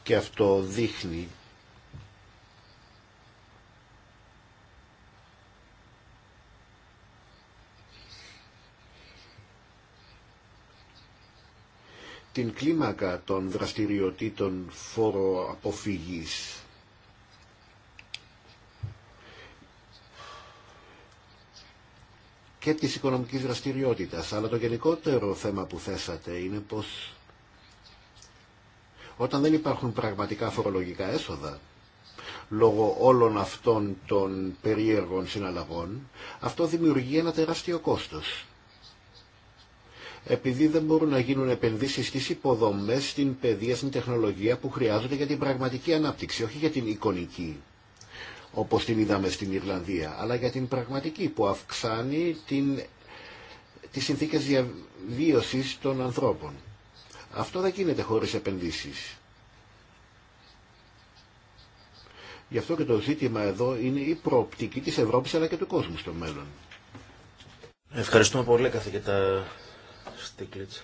Και αυτό δείχνει στην κλίμακα των δραστηριοτήτων φόρο αποφυγής. και της οικονομικής δραστηριότητας. Αλλά το γενικότερο θέμα που θέσατε είναι πως όταν δεν υπάρχουν πραγματικά φορολογικά έσοδα, λόγω όλων αυτών των περίεργων συναλλαγών, αυτό δημιουργεί ένα τεράστιο κόστος επειδή δεν μπορούν να γίνουν επενδύσεις στις υποδομές, στην παιδεία, στην τεχνολογία που χρειάζονται για την πραγματική ανάπτυξη, όχι για την εικονική όπως την είδαμε στην Ιρλανδία, αλλά για την πραγματική που αυξάνει την, τις συνθήκες διαβίωσης των ανθρώπων. Αυτό δεν γίνεται χωρίς επενδύσεις. Γι' αυτό και το ζήτημα εδώ είναι η προοπτική της Ευρώπης αλλά και του κόσμου στο μέλλον. Ευχαριστούμε πολύ καθηγητά Στίκλιτς.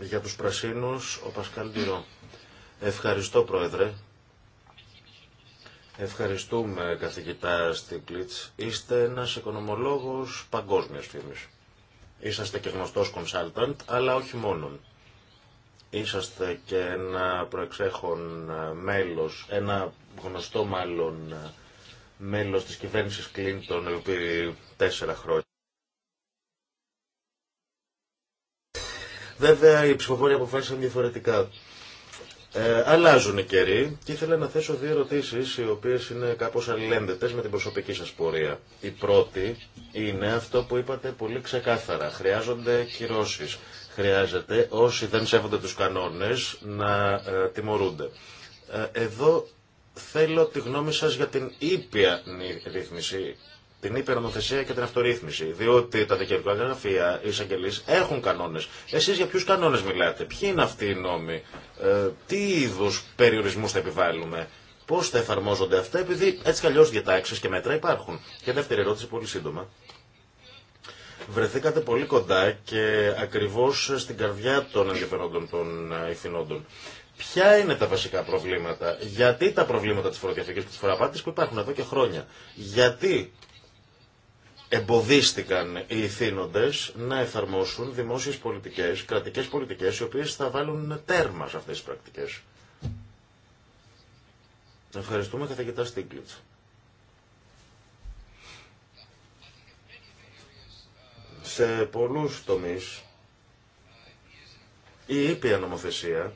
Για τους πρασίνους, ο Πασκάλ Ντυρό. Ευχαριστώ, Πρόεδρε. Ευχαριστούμε, καθηγητά Στίκλιτς. Είστε ένας οικονομολόγος παγκόσμιας φήμης. Είσαστε και γνωστός κονσάλταντ, αλλά όχι μόνον. Είσαστε και ένα προεξέχον ε, μέλος, ένα γνωστό μάλλον ε, μέλος της κυβέρνησης Κλίντον επί τέσσερα χρόνια. Βέβαια, οι ψηφοφόροι αποφάσισαν διαφορετικά. Ε, αλλάζουν οι καιροί και ήθελα να θέσω δύο ερωτήσεις οι οποίες είναι κάπως αλληλένδετες με την προσωπική σας πορεία. Η πρώτη είναι αυτό που είπατε πολύ ξεκάθαρα. Χρειάζονται κυρώσεις. Χρειάζεται όσοι δεν σέβονται τους κανόνες να ε, τιμωρούνται. Ε, εδώ θέλω τη γνώμη σας για την ήπια ρύθμιση την υπερνοθεσία και την αυτορύθμιση. Διότι τα δικαιωτικά γραφεία, οι εισαγγελεί έχουν κανόνε. Εσεί για ποιου κανόνε μιλάτε, ποιοι είναι αυτοί οι νόμοι, ε, τι είδου περιορισμού θα επιβάλλουμε, πώ θα εφαρμόζονται αυτά, επειδή έτσι κι αλλιώ διατάξει και μέτρα υπάρχουν. Και δεύτερη ερώτηση, πολύ σύντομα. Βρεθήκατε πολύ κοντά και ακριβώ στην καρδιά των ενδιαφερόντων των ε, ηθινόντων. Ποια είναι τα βασικά προβλήματα, γιατί τα προβλήματα τη φοροδιαφυγή και τη φοροαπάτη που υπάρχουν εδώ και χρόνια, γιατί εμποδίστηκαν οι ηθήνοντες να εφαρμόσουν δημόσιες πολιτικές, κρατικές πολιτικές, οι οποίες θα βάλουν τέρμα σε αυτές τις πρακτικές. Ευχαριστούμε καθηγητά Στίγκλιτς. Σε πολλούς τομείς η ήπια νομοθεσία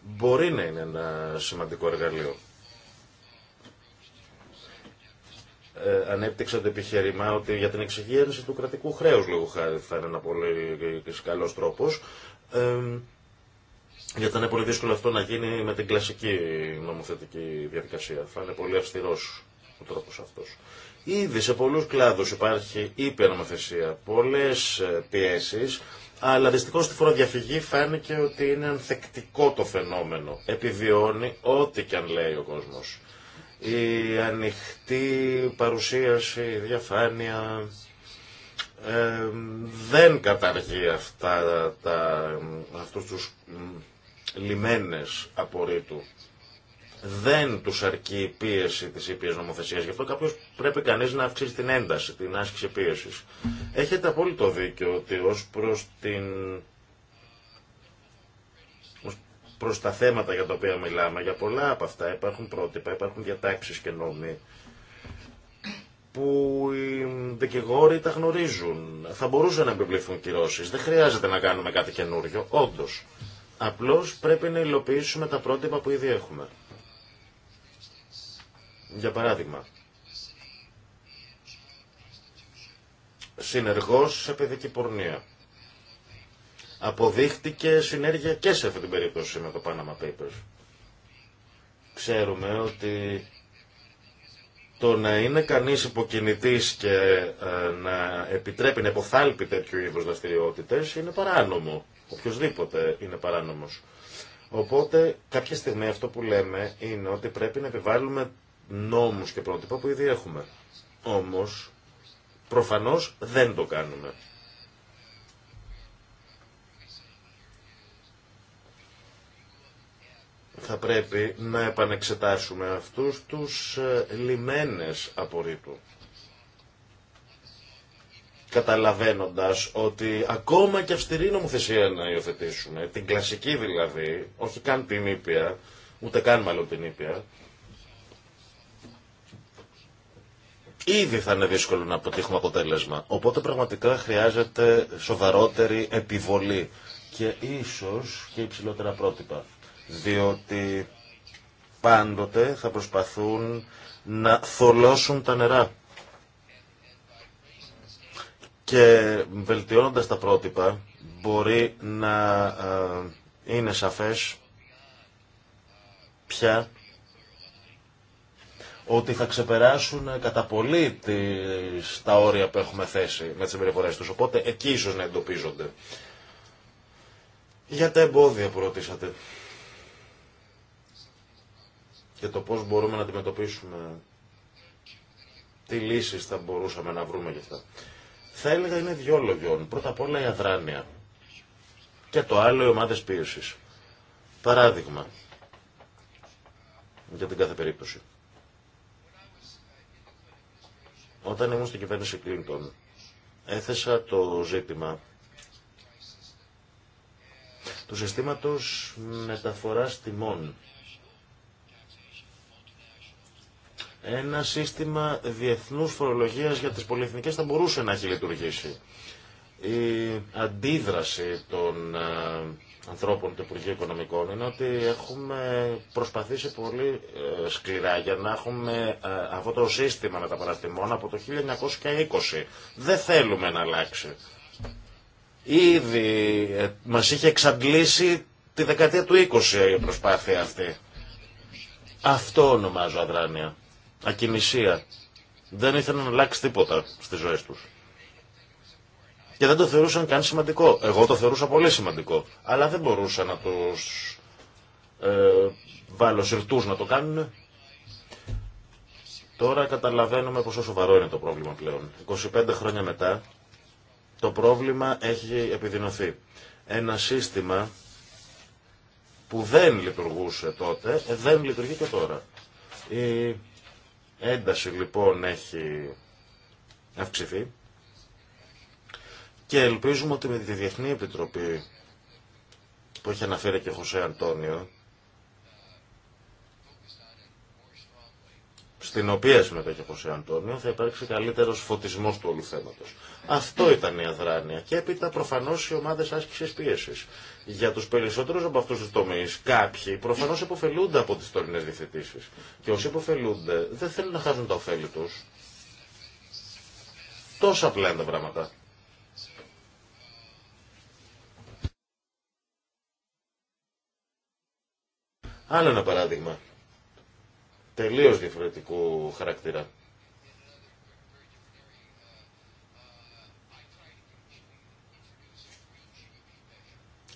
μπορεί να είναι ένα σημαντικό εργαλείο. ε, ανέπτυξε το επιχείρημα ότι για την εξυγίανση του κρατικού χρέους λόγω χάρη θα είναι ένα πολύ καλός τρόπος. Ε, γιατί θα είναι πολύ δύσκολο αυτό να γίνει με την κλασική νομοθετική διαδικασία. Θα είναι πολύ αυστηρός ο τρόπος αυτός. Ήδη σε πολλούς κλάδους υπάρχει υπερνομοθεσία, πολλές ε, πιέσεις, αλλά δυστυχώς στη φοροδιαφυγή φάνηκε ότι είναι ανθεκτικό το φαινόμενο. Επιβιώνει ό,τι και αν λέει ο κόσμος η ανοιχτή παρουσίαση, η διαφάνεια ε, δεν καταργεί αυτά τα, αυτούς τους λιμένες απορρίτου. Δεν τους αρκεί η πίεση της ήπιας νομοθεσίας. Γι' αυτό κάποιος πρέπει κανείς να αυξήσει την ένταση, την άσκηση πίεσης. Έχετε απόλυτο δίκιο ότι ως προς την προ τα θέματα για τα οποία μιλάμε. Για πολλά από αυτά υπάρχουν πρότυπα, υπάρχουν διατάξει και νόμοι που οι δικηγόροι τα γνωρίζουν. Θα μπορούσαν να επιβληθούν κυρώσει. Δεν χρειάζεται να κάνουμε κάτι καινούριο, όντω. Απλώ πρέπει να υλοποιήσουμε τα πρότυπα που ήδη έχουμε. Για παράδειγμα, συνεργός σε παιδική πορνεία. Αποδείχτηκε συνέργεια και σε αυτή την περίπτωση με το Panama Papers. Ξέρουμε ότι το να είναι κανείς υποκινητής και ε, να επιτρέπει, να υποθάλπει τέτοιου είδους δραστηριότητε είναι παράνομο. Οποιοςδήποτε είναι παράνομος. Οπότε κάποια στιγμή αυτό που λέμε είναι ότι πρέπει να επιβάλλουμε νόμους και πρότυπα που ήδη έχουμε. Όμως προφανώς δεν το κάνουμε. θα πρέπει να επανεξετάσουμε αυτούς τους ε, λιμένες απορρίτου. Καταλαβαίνοντας ότι ακόμα και αυστηρή νομοθεσία να υιοθετήσουμε, την κλασική δηλαδή, όχι καν την ήπια, ούτε καν μάλλον την ήπια, ήδη θα είναι δύσκολο να αποτύχουμε αποτέλεσμα. Οπότε πραγματικά χρειάζεται σοβαρότερη επιβολή και ίσως και υψηλότερα πρότυπα διότι πάντοτε θα προσπαθούν να θολώσουν τα νερά. Και βελτιώνοντας τα πρότυπα μπορεί να είναι σαφές πια ότι θα ξεπεράσουν κατά πολύ τα όρια που έχουμε θέσει με τις συμπεριφορές τους. Οπότε εκεί ίσως να εντοπίζονται. Για τα εμπόδια που ρωτήσατε και το πώς μπορούμε να αντιμετωπίσουμε τι λύσεις θα μπορούσαμε να βρούμε γι' αυτά. Θα έλεγα είναι δυο λογιών. Πρώτα απ' όλα η αδράνεια και το άλλο οι ομάδες πίεσης. Παράδειγμα για την κάθε περίπτωση. Όταν ήμουν στην κυβέρνηση Κλίντον, έθεσα το ζήτημα του συστήματος μεταφοράς τιμών Ένα σύστημα διεθνούς φορολογίας για τις πολυεθνικές θα μπορούσε να έχει λειτουργήσει. Η αντίδραση των ε, ανθρώπων του Υπουργείου Οικονομικών είναι ότι έχουμε προσπαθήσει πολύ ε, σκληρά για να έχουμε ε, αυτό το σύστημα με τα παραστημόνα από το 1920. Δεν θέλουμε να αλλάξει. Ήδη μας είχε εξαντλήσει τη δεκαετία του 20 η προσπάθεια αυτή. Αυτό ονομάζω αδράνεια ακινησία. Δεν ήθελαν να αλλάξει τίποτα στις ζωές τους. Και δεν το θεωρούσαν καν σημαντικό. Εγώ το θεωρούσα πολύ σημαντικό. Αλλά δεν μπορούσα να τους ε, βάλω συρτούς να το κάνουν. Τώρα καταλαβαίνουμε πόσο σοβαρό είναι το πρόβλημα πλέον. 25 χρόνια μετά το πρόβλημα έχει επιδεινωθεί. Ένα σύστημα που δεν λειτουργούσε τότε, ε, δεν λειτουργεί και τώρα. Η ένταση λοιπόν έχει αυξηθεί και ελπίζουμε ότι με τη Διεθνή Επιτροπή που έχει αναφέρει και ο Χωσέ Αντώνιο στην οποία συμμετέχει ο Χωσέ Αντώνιο, θα υπάρξει καλύτερο φωτισμό του όλου θέματο. Αυτό ήταν η αδράνεια. Και έπειτα προφανώ οι ομάδε άσκηση πίεση. Για του περισσότερου από αυτού του τομεί, κάποιοι προφανώ υποφελούνται από τι τωρινέ διευθετήσει. Και όσοι υποφελούνται δεν θέλουν να χάσουν τα ωφέλη του. Τόσα απλά τα πράγματα. Άλλο ένα παράδειγμα. Τελείω διαφορετικού χαρακτήρα.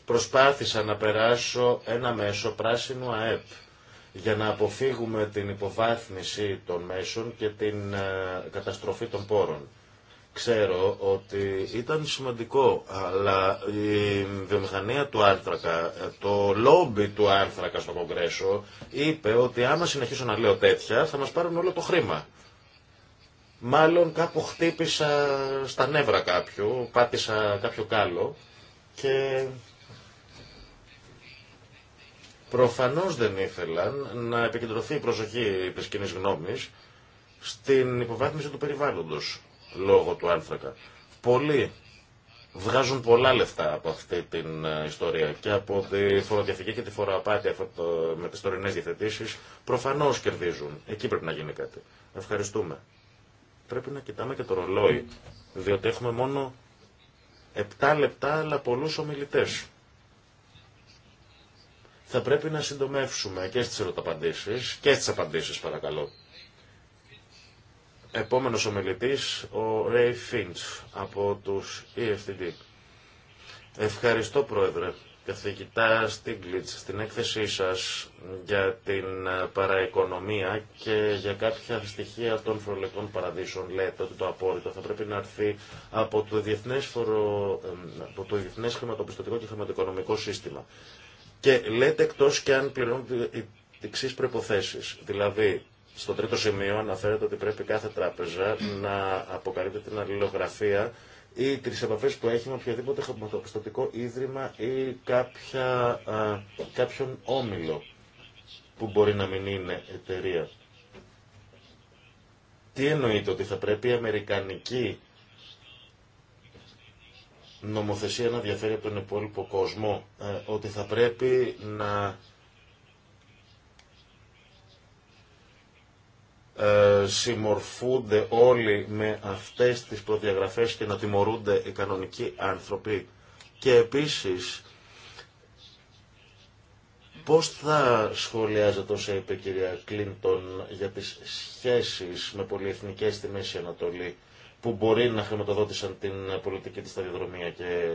Προσπάθησα να περάσω ένα μέσο πράσινου ΑΕΠ για να αποφύγουμε την υποβάθμιση των μέσων και την ε, καταστροφή των πόρων. Ξέρω ότι ήταν σημαντικό, αλλά η βιομηχανία του άνθρακα, το λόμπι του Άρθρακα στο Κογκρέσο, είπε ότι άμα συνεχίσω να λέω τέτοια θα μας πάρουν όλο το χρήμα. Μάλλον κάπου χτύπησα στα νεύρα κάποιου, πάτησα κάποιο κάλο και προφανώς δεν ήθελαν να επικεντρωθεί η προσοχή της κοινή γνώμης στην υποβάθμιση του περιβάλλοντος λόγω του άνθρακα. Πολλοί βγάζουν πολλά λεφτά από αυτή την ε, ιστορία και από τη φοροδιαφυγή και τη φοροαπάτη με τις τωρινές διαθετήσεις προφανώς κερδίζουν. Εκεί πρέπει να γίνει κάτι. Ευχαριστούμε. Πρέπει να κοιτάμε και το ρολόι, διότι έχουμε μόνο 7 λεπτά αλλά πολλούς ομιλητές. Θα πρέπει να συντομεύσουμε και στις ερωταπαντήσεις και στις απαντήσεις παρακαλώ. Επόμενος ομιλητής, ο Ray Finch από τους EFTD. Ευχαριστώ Πρόεδρε. Καθηγητά Στίγκλιτς, στην έκθεσή σας για την ε, παραοικονομία και για κάποια στοιχεία των φορολογικών παραδείσων λέτε ότι το απόρριτο θα πρέπει να έρθει από το διεθνές, φορο... από το διεθνές χρηματοπιστωτικό και χρηματοοικονομικό σύστημα. Και λέτε εκτός και αν πληρώνουν οι εξής προποθέσει. Δηλαδή, στο τρίτο σημείο αναφέρεται ότι πρέπει κάθε τράπεζα να αποκαλύπτει την αλληλογραφία ή τι επαφέ που έχει με οποιοδήποτε χρηματοπιστωτικό ίδρυμα ή κάποια, α, κάποιον όμιλο που μπορεί να μην είναι εταιρεία. Τι εννοείται ότι θα πρέπει η αμερικανική νομοθεσία να διαφέρει από τον υπόλοιπο κόσμο, ε, ότι θα πρέπει να Ε, συμμορφούνται όλοι με αυτές τις προδιαγραφές και να τιμωρούνται οι κανονικοί άνθρωποι. Και επίσης, πώς θα σχολιάζεται όσα είπε η κυρία Κλίντον για τις σχέσεις με πολυεθνικές στη Μέση Ανατολή που μπορεί να χρηματοδότησαν την πολιτική της σταδιοδρομία και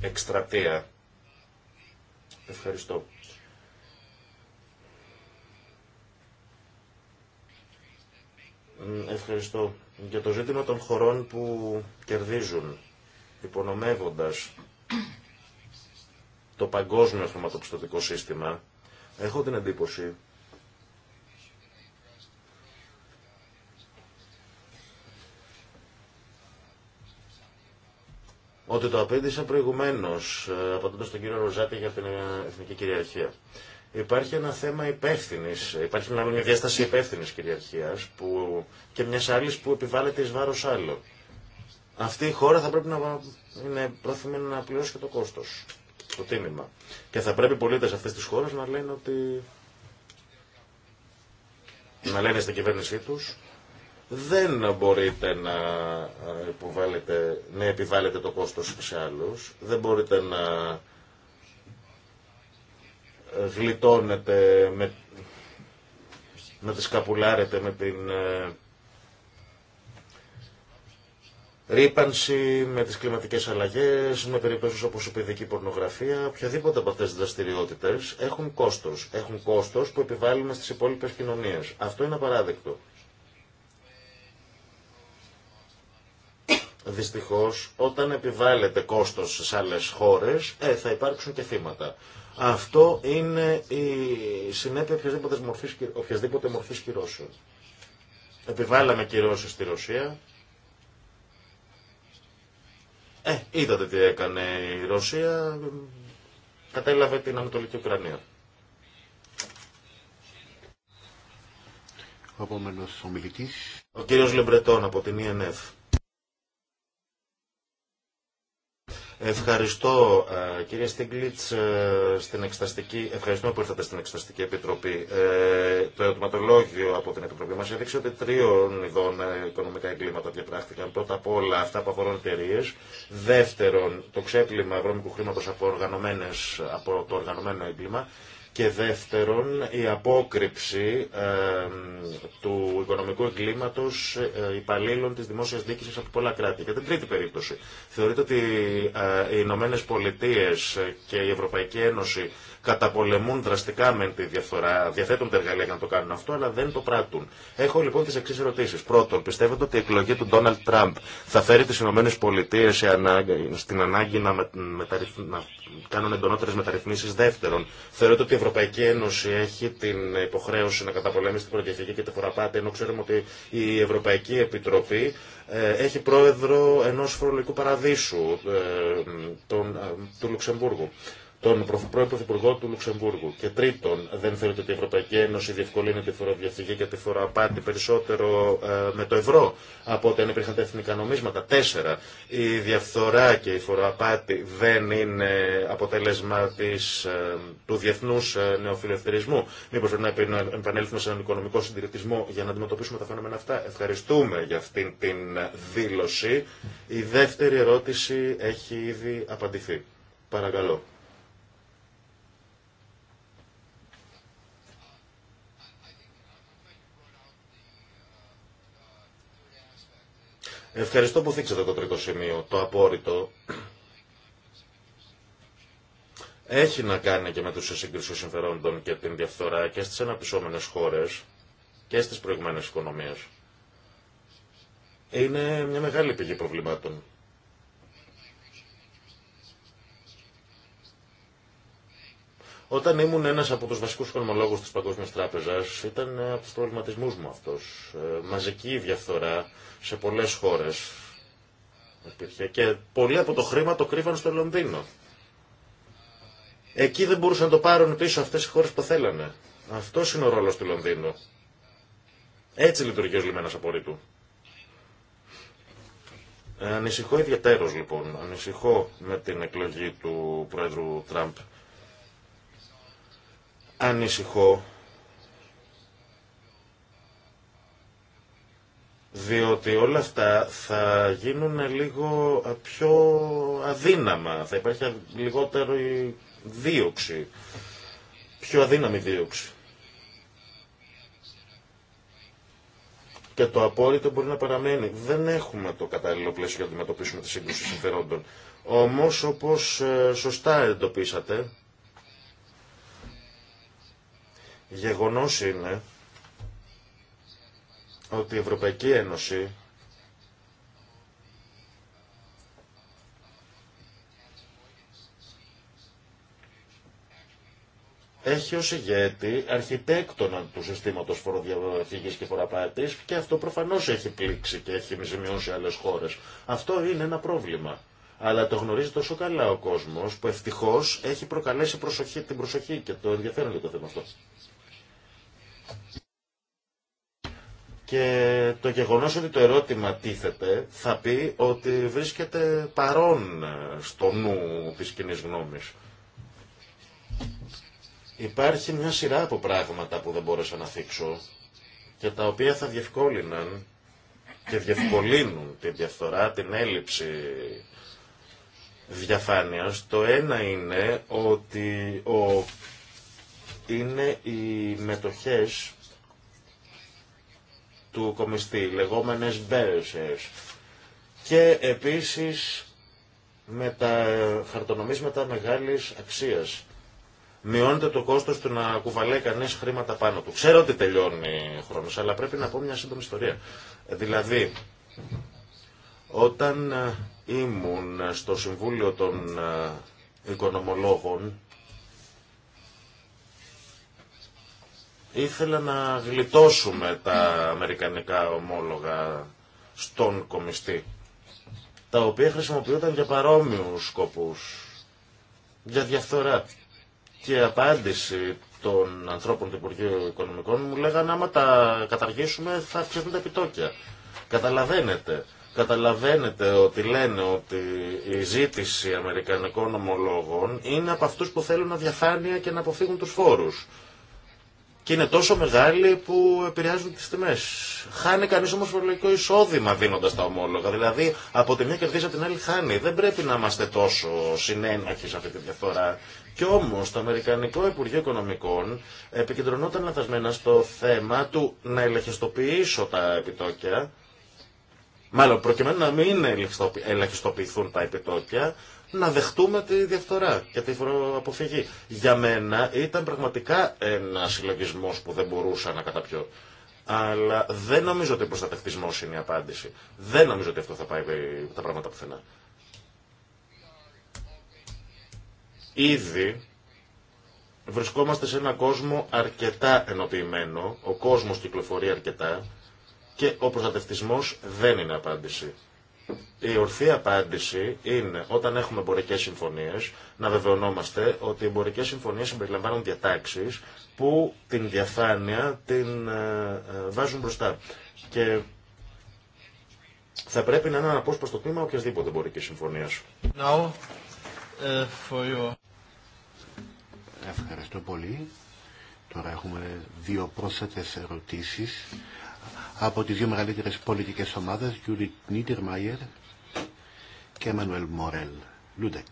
εκστρατεία. Ευχαριστώ. Ευχαριστώ. Για το ζήτημα των χωρών που κερδίζουν, υπονομεύοντας το παγκόσμιο χρηματοπιστωτικό σύστημα, έχω την εντύπωση ότι το απέντησα προηγουμένως, ε, απαντώντας τον κύριο Ροζάτη για την ε, εθνική κυριαρχία. Υπάρχει ένα θέμα υπεύθυνη, υπάρχει μια μια διάσταση υπεύθυνη κυριαρχία και μια άλλη που επιβάλλεται ει βάρο άλλων. Αυτή η χώρα θα πρέπει να είναι πρόθυμη να πληρώσει και το κόστο, το τίμημα. Και θα πρέπει οι πολίτε αυτή τη χώρα να λένε ότι. να λένε στην κυβέρνησή του δεν μπορείτε να, επιβάλλετε, να επιβάλλετε το κόστος σε άλλους, δεν μπορείτε να γλιτώνεται με, να τις καπουλάρετε με την ε, ρήπανση, με τις κλιματικές αλλαγές, με περιπτώσεις όπως η παιδική πορνογραφία, οποιαδήποτε από αυτές τις δραστηριότητες έχουν κόστος. Έχουν κόστος που επιβάλλουμε στις υπόλοιπες κοινωνίες. Αυτό είναι απαράδεκτο. Δυστυχώς, όταν επιβάλλεται κόστος σε άλλες χώρες, ε, θα υπάρξουν και θύματα. Αυτό είναι η συνέπεια οποιασδήποτε μορφής, οποιασδήποτε μορφής κυρώσεων. Επιβάλαμε κυρώσεις στη Ρωσία. Ε, είδατε τι έκανε η Ρωσία. Κατέλαβε την Ανατολική Ουκρανία. Ο ομιλητής. Ο κύριος Λεμπρετών από την ΕΝΕΦ. E Ευχαριστώ κύριε Στίγκλιτς ε, στην ευχαριστώ που ήρθατε στην Εξεταστική Επιτροπή. Ε, το ερωτηματολόγιο από την Επιτροπή μας έδειξε ότι τρίων ειδών ε, οικονομικά εγκλήματα διαπράχθηκαν. Πρώτα απ' όλα αυτά που αφορούν εταιρείε. Δεύτερον, το ξέπλυμα βρώμικου χρήματος από, από το οργανωμένο έγκλημα. Και δεύτερον, η απόκρυψη ε, του οικονομικού εγκλήματος ε, υπαλλήλων της δημόσιας διοίκησης από πολλά κράτη. Και την τρίτη περίπτωση. Θεωρείται ότι ε, οι Ηνωμένε Πολιτείε και η Ευρωπαϊκή Ένωση καταπολεμούν δραστικά με τη διαφθορά, διαθέτουν τα εργαλεία για να το κάνουν αυτό, αλλά δεν το πράττουν. Έχω λοιπόν τι εξή ερωτήσει. Πρώτον, πιστεύετε ότι η εκλογή του Ντόναλτ Τραμπ θα φέρει τι ΗΠΑ στην ανάγκη να, να κάνουν εντονότερε μεταρρυθμίσει. Δεύτερον, θεωρείτε ότι η Ευρωπαϊκή Ένωση έχει την υποχρέωση να καταπολεμήσει την προδιαφυγή και τη φοραπάτη, ενώ ξέρουμε ότι η Ευρωπαϊκή Επιτροπή ε, έχει πρόεδρο ενό φορολογικού παραδείσου, ε, τον, ε, του Λουξεμβούργου τον πρωθυπουργό του Λουξεμβούργου. Και τρίτον, δεν θεωρείτε ότι η Ευρωπαϊκή Ένωση διευκολύνει τη φοροδιαφυγή και τη φοροαπάτη περισσότερο ε, με το ευρώ από ό,τι αν υπήρχαν τα εθνικά νομίσματα. Τέσσερα, η διαφθορά και η φοροαπάτη δεν είναι αποτέλεσμα της, ε, του διεθνού ε, νεοφιλελευθερισμού. Μήπω πρέπει να επανέλθουμε σε έναν οικονομικό συντηρητισμό για να αντιμετωπίσουμε τα φαινόμενα αυτά. Ευχαριστούμε για αυτήν την δήλωση. Η δεύτερη ερώτηση έχει ήδη απαντηθεί. Παρακαλώ. Ευχαριστώ που θίξατε το τρίτο σημείο, το απόρριτο. Έχει να κάνει και με τους συγκρισίους συμφερόντων και την διαφθορά και στις αναπτυσσόμενες χώρες και στις προηγμένες οικονομίες. Είναι μια μεγάλη πηγή προβλημάτων. Όταν ήμουν ένα από του βασικού οικονομολόγου τη Παγκόσμια Τράπεζα, ήταν από του προβληματισμού μου αυτό. Ε, μαζική διαφθορά σε πολλέ χώρε υπήρχε και πολλοί από το χρήμα το κρύβαν στο Λονδίνο. Εκεί δεν μπορούσαν να το πάρουν πίσω αυτέ οι χώρε που θέλανε. Αυτό είναι ο ρόλο του Λονδίνου. Έτσι λειτουργεί ο λιμένα απορρίτου. Ανησυχώ ιδιαίτερω λοιπόν, ανησυχώ με την εκλογή του Πρόεδρου Τραμπ ανησυχώ διότι όλα αυτά θα γίνουν λίγο πιο αδύναμα, θα υπάρχει λιγότερη δίωξη, πιο αδύναμη δίωξη. Και το απόρριτο μπορεί να παραμένει. Δεν έχουμε το κατάλληλο πλαίσιο για να αντιμετωπίσουμε τη σύγκρουση συμφερόντων. Όμως, όπως ε, σωστά εντοπίσατε, Γεγονός είναι ότι η Ευρωπαϊκή Ένωση έχει ως ηγέτη αρχιτέκτονα του συστήματος φοροδιαφυγής και φοραπάτης και αυτό προφανώς έχει πλήξει και έχει ζημιώσει άλλες χώρες. Αυτό είναι ένα πρόβλημα. Αλλά το γνωρίζει τόσο καλά ο κόσμος που ευτυχώς έχει προκαλέσει προσοχή, την προσοχή και το ενδιαφέρον για το θέμα αυτό. Και το γεγονός ότι το ερώτημα τίθεται θα πει ότι βρίσκεται παρόν στο νου της κοινή γνώμης. Υπάρχει μια σειρά από πράγματα που δεν μπόρεσα να θίξω και τα οποία θα διευκόλυναν και διευκολύνουν την διαφθορά, την έλλειψη διαφάνειας. Το ένα είναι ότι ο είναι οι μετοχές του κομιστή, λεγόμενες μπέρεσες. Και επίσης με τα χαρτονομίσματα μεγάλης αξίας. Μειώνεται το κόστος του να κουβαλάει κανείς χρήματα πάνω του. Ξέρω ότι τελειώνει ο χρόνος, αλλά πρέπει να πω μια σύντομη ιστορία. Δηλαδή, όταν ε, ήμουν στο Συμβούλιο των ε, Οικονομολόγων, Ήθελα να γλιτώσουμε τα αμερικανικά ομόλογα στον κομιστή, τα οποία χρησιμοποιούνταν για παρόμοιους σκοπούς, για διαφθορά. Και η απάντηση των ανθρώπων του Υπουργείου Οικονομικών μου λέγανε άμα τα καταργήσουμε θα αυξηθούν τα επιτόκια. Καταλαβαίνετε. Καταλαβαίνετε ότι λένε ότι η ζήτηση αμερικανικών ομολόγων είναι από αυτούς που θέλουν αδιαφάνεια και να αποφύγουν τους φόρους και είναι τόσο μεγάλη που επηρεάζουν τι τιμέ. Χάνει κανεί όμω φορολογικό εισόδημα δίνοντα τα ομόλογα. Δηλαδή από τη μια κερδίζει από την άλλη χάνει. Δεν πρέπει να είμαστε τόσο συνένοχοι σε αυτή τη διαφορά. Κι όμω το Αμερικανικό Υπουργείο Οικονομικών επικεντρωνόταν λαθασμένα στο θέμα του να ελεγχιστοποιήσω τα επιτόκια. Μάλλον προκειμένου να μην ελεγχιστοποιηθούν τα επιτόκια να δεχτούμε τη διαφθορά και τη φοροαποφυγή. Για μένα ήταν πραγματικά ένα συλλογισμό που δεν μπορούσα να καταπιώ. Αλλά δεν νομίζω ότι ο προστατευτισμό είναι η απάντηση. Δεν νομίζω ότι αυτό θα πάει τα πράγματα πουθενά. Ήδη βρισκόμαστε σε ένα κόσμο αρκετά ενοποιημένο, ο κόσμος κυκλοφορεί αρκετά και ο προστατευτισμός δεν είναι απάντηση. Η ορθή απάντηση είναι όταν έχουμε εμπορικέ συμφωνίε να βεβαιωνόμαστε ότι οι εμπορικέ συμφωνίε συμπεριλαμβάνουν διατάξει που την διαφάνεια την ε, ε, βάζουν μπροστά. Και θα πρέπει να είναι ένα απόσπαστο τμήμα οποιασδήποτε εμπορική συμφωνία. Ε, Ευχαριστώ πολύ. Τώρα έχουμε δύο πρόσθετες ερωτήσεις από τις δύο μεγαλύτερες πολιτικές ομάδες, Γιούριτ Νίτερ Μάιερ και Εμμανουέλ Μορέλ. Λούντεκ.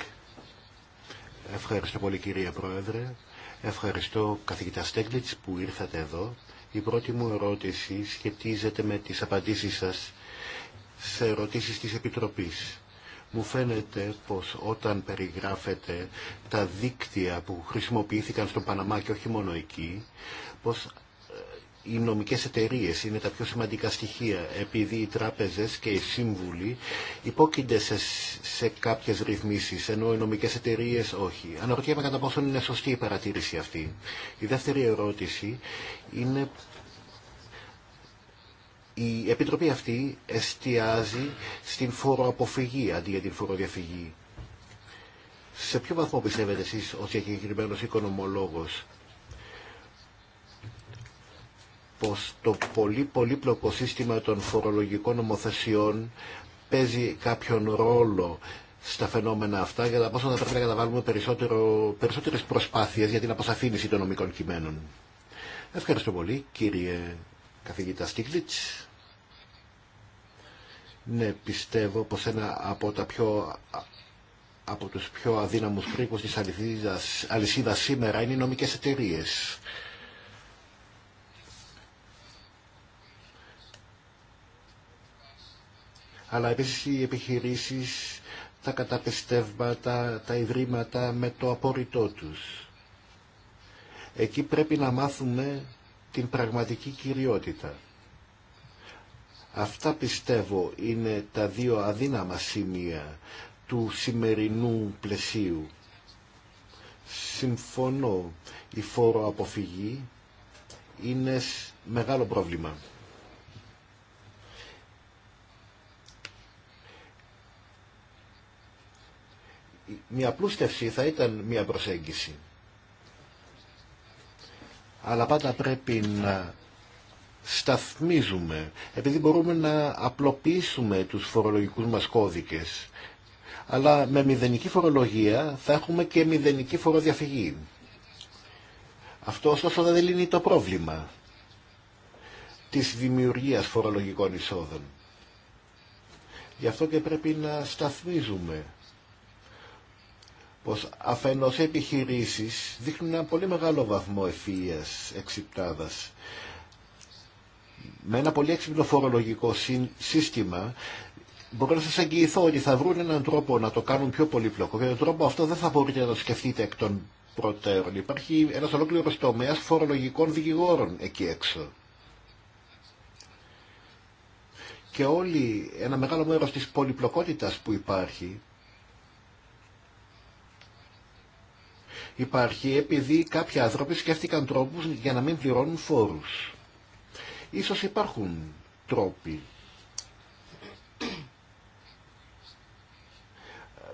Ευχαριστώ πολύ κύριε Πρόεδρε. Ευχαριστώ καθηγητά Στέγκλιτς που ήρθατε εδώ. Η πρώτη μου ερώτηση σχετίζεται με τις απαντήσεις σας σε ερωτήσεις της Επιτροπής. Μου φαίνεται πως όταν περιγράφεται τα δίκτυα που χρησιμοποιήθηκαν στον Παναμά και όχι μόνο εκεί, πως οι νομικές εταιρείες είναι τα πιο σημαντικά στοιχεία επειδή οι τράπεζες και οι σύμβουλοι υπόκεινται σε, σε κάποιες ρυθμίσεις ενώ οι νομικές εταιρείες όχι. Αναρωτιέμαι κατά πόσο είναι σωστή η παρατήρηση αυτή. Η δεύτερη ερώτηση είναι η Επιτροπή αυτή εστιάζει στην φοροαποφυγή αντί για την φοροδιαφυγή. Σε ποιο βαθμό πιστεύετε εσείς ότι ο οικονομολόγος πως το πολύ πολύπλοκο σύστημα των φορολογικών νομοθεσιών παίζει κάποιον ρόλο στα φαινόμενα αυτά για τα πόσο θα πρέπει να καταβάλουμε περισσότερο, περισσότερες προσπάθειες για την αποσαφήνιση των νομικών κειμένων. Ευχαριστώ πολύ κύριε καθηγητά Στίγλιτς. Ναι, πιστεύω πως ένα από τα πιο από τους πιο αδύναμους της αλυσίδας σήμερα είναι οι νομικές εταιρείες. αλλά επίσης οι επιχειρήσεις, τα καταπιστεύματα, τα ιδρύματα με το απόρριτό τους. Εκεί πρέπει να μάθουμε την πραγματική κυριότητα. Αυτά πιστεύω είναι τα δύο αδύναμα σημεία του σημερινού πλαισίου. Συμφωνώ, η φόρο αποφυγή είναι μεγάλο πρόβλημα. μια πλούστευση θα ήταν μια προσέγγιση. Αλλά πάντα πρέπει να σταθμίζουμε, επειδή μπορούμε να απλοποιήσουμε τους φορολογικούς μας κώδικες, αλλά με μηδενική φορολογία θα έχουμε και μηδενική φοροδιαφυγή. Αυτό ωστόσο δεν λύνει το πρόβλημα της δημιουργίας φορολογικών εισόδων. Γι' αυτό και πρέπει να σταθμίζουμε πως αφενός επιχειρήσεις δείχνουν ένα πολύ μεγάλο βαθμό ευφυΐας, εξυπτάδας. Με ένα πολύ έξυπνο φορολογικό σύστημα μπορώ να σας εγγυηθώ ότι θα βρουν έναν τρόπο να το κάνουν πιο πολύπλοκο και τον τρόπο αυτό δεν θα μπορείτε να το σκεφτείτε εκ των προτέρων. Υπάρχει ένας ολόκληρος τομέας φορολογικών δικηγόρων εκεί έξω. Και όλοι, ένα μεγάλο μέρος της πολυπλοκότητας που υπάρχει, υπάρχει επειδή κάποιοι άνθρωποι σκέφτηκαν τρόπους για να μην πληρώνουν φόρους. Ίσως υπάρχουν τρόποι.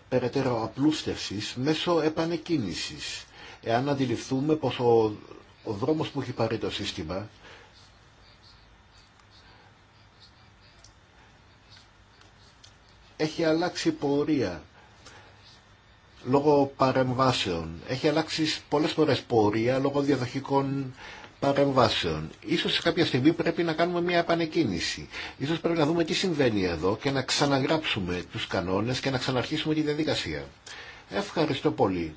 Περαιτέρω απλούστευσης μέσω επανεκκίνησης. Εάν αντιληφθούμε πως ο, ο δρόμος που έχει πάρει το σύστημα έχει αλλάξει πορεία λόγω παρεμβάσεων. Έχει αλλάξει πολλές φορές πορεία λόγω διαδοχικών παρεμβάσεων. Ίσως σε κάποια στιγμή πρέπει να κάνουμε μια επανεκκίνηση. Ίσως πρέπει να δούμε τι συμβαίνει εδώ και να ξαναγράψουμε τους κανόνες και να ξαναρχίσουμε τη διαδικασία. Ευχαριστώ πολύ.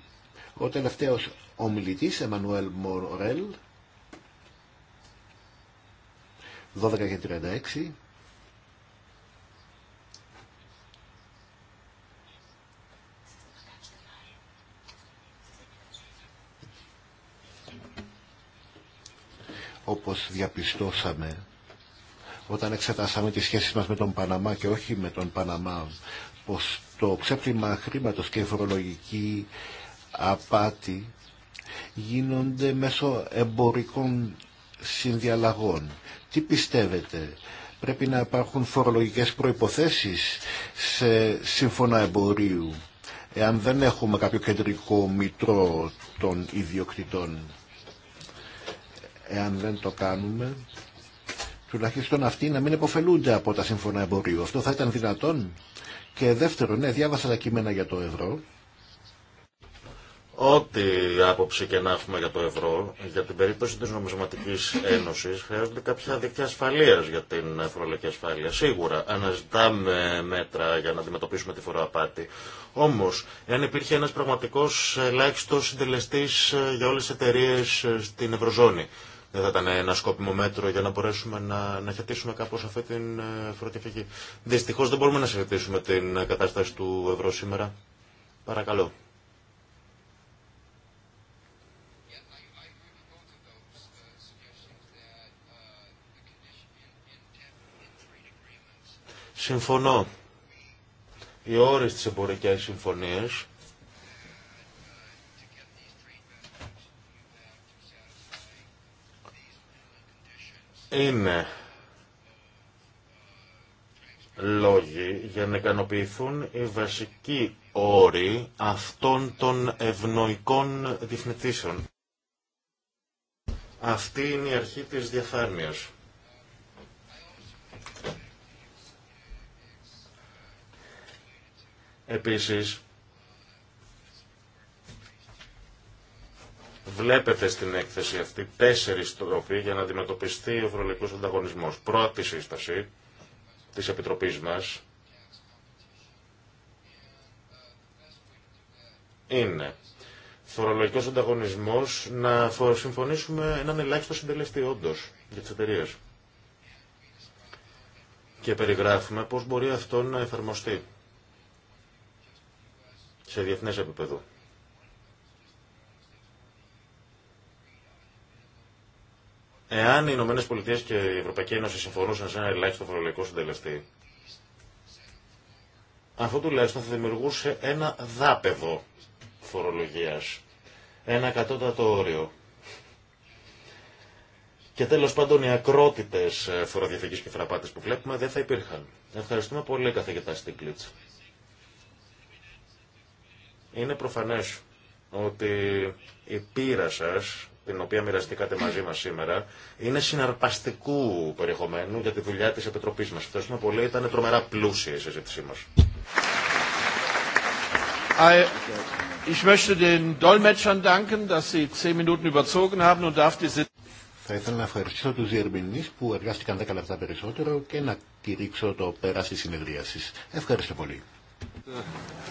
Ο τελευταίος ομιλητής, Εμμανουέλ Μορέλ, 12 36. όπως διαπιστώσαμε όταν εξετάσαμε τις σχέσεις μας με τον Παναμά και όχι με τον Παναμά, πως το ξέπλυμα χρήματος και η φορολογική απάτη γίνονται μέσω εμπορικών συνδιαλλαγών. Τι πιστεύετε, πρέπει να υπάρχουν φορολογικές προϋποθέσεις σε σύμφωνα εμπορίου, εάν δεν έχουμε κάποιο κεντρικό μητρό των ιδιοκτητών εάν δεν το κάνουμε, τουλάχιστον αυτοί να μην επωφελούνται από τα σύμφωνα εμπορίου. Αυτό θα ήταν δυνατόν. Και δεύτερον, ναι, διάβασα τα κείμενα για το ευρώ. Ό,τι άποψη και να έχουμε για το ευρώ, για την περίπτωση της νομισματικής ένωσης χρειάζονται κάποια δίκτυα ασφαλείας για την φορολογική ασφάλεια. Σίγουρα αναζητάμε μέτρα για να αντιμετωπίσουμε τη φοροαπάτη. Όμως, εάν υπήρχε ένας πραγματικός ελάχιστος συντελεστής ε, για όλες τις εταιρείε ε, στην Ευρωζώνη, δεν θα ήταν ένα σκόπιμο μέτρο για να μπορέσουμε να, να χαιρετήσουμε κάπω αυτή την ε, φοροδιαφυγή. Δυστυχώ δεν μπορούμε να συζητήσουμε την ε, κατάσταση του ευρώ σήμερα. Παρακαλώ. Συμφωνώ. Οι όρες της εμπορικές συμφωνίες είναι λόγοι για να ικανοποιηθούν οι βασικοί όροι αυτών των ευνοϊκών διευθυντήσεων. Αυτή είναι η αρχή της διαφάνειας. Επίσης, Βλέπετε στην έκθεση αυτή τέσσερις τρόποι για να αντιμετωπιστεί ο φορολογικός ανταγωνισμός. Πρώτη σύσταση της Επιτροπής μας είναι φορολογικός ανταγωνισμός να συμφωνήσουμε έναν ελάχιστο συντελεστή όντω για τις εταιρείε. Και περιγράφουμε πώς μπορεί αυτό να εφαρμοστεί σε διεθνές επίπεδο. Εάν οι Ηνωμένε Πολιτείε και η Ευρωπαϊκή Ένωση συμφωνούσαν σε ένα ελάχιστο φορολογικό συντελεστή, αυτό τουλάχιστον θα δημιουργούσε ένα δάπεδο φορολογία. Ένα κατώτατο όριο. Και τέλο πάντων οι ακρότητε φοροδιαφυγή και φραπάτε που βλέπουμε δεν θα υπήρχαν. Ευχαριστούμε πολύ, καθηγητά Στίγκλιτ. Είναι προφανέ ότι η πείρα σας την οποία μοιραστήκατε μαζί μα σήμερα, είναι συναρπαστικού περιεχομένου για τη δουλειά της Επιτροπή μας. Ευχαριστούμε πολύ. Ήταν τρομερά πλούσια η συζήτησή μα. Θα ήθελα να ευχαριστήσω τους διερμηνεί που εργάστηκαν 10 λεπτά περισσότερο και να κηρύξω το πέρας τη συνεδρίασης. Ευχαριστώ πολύ.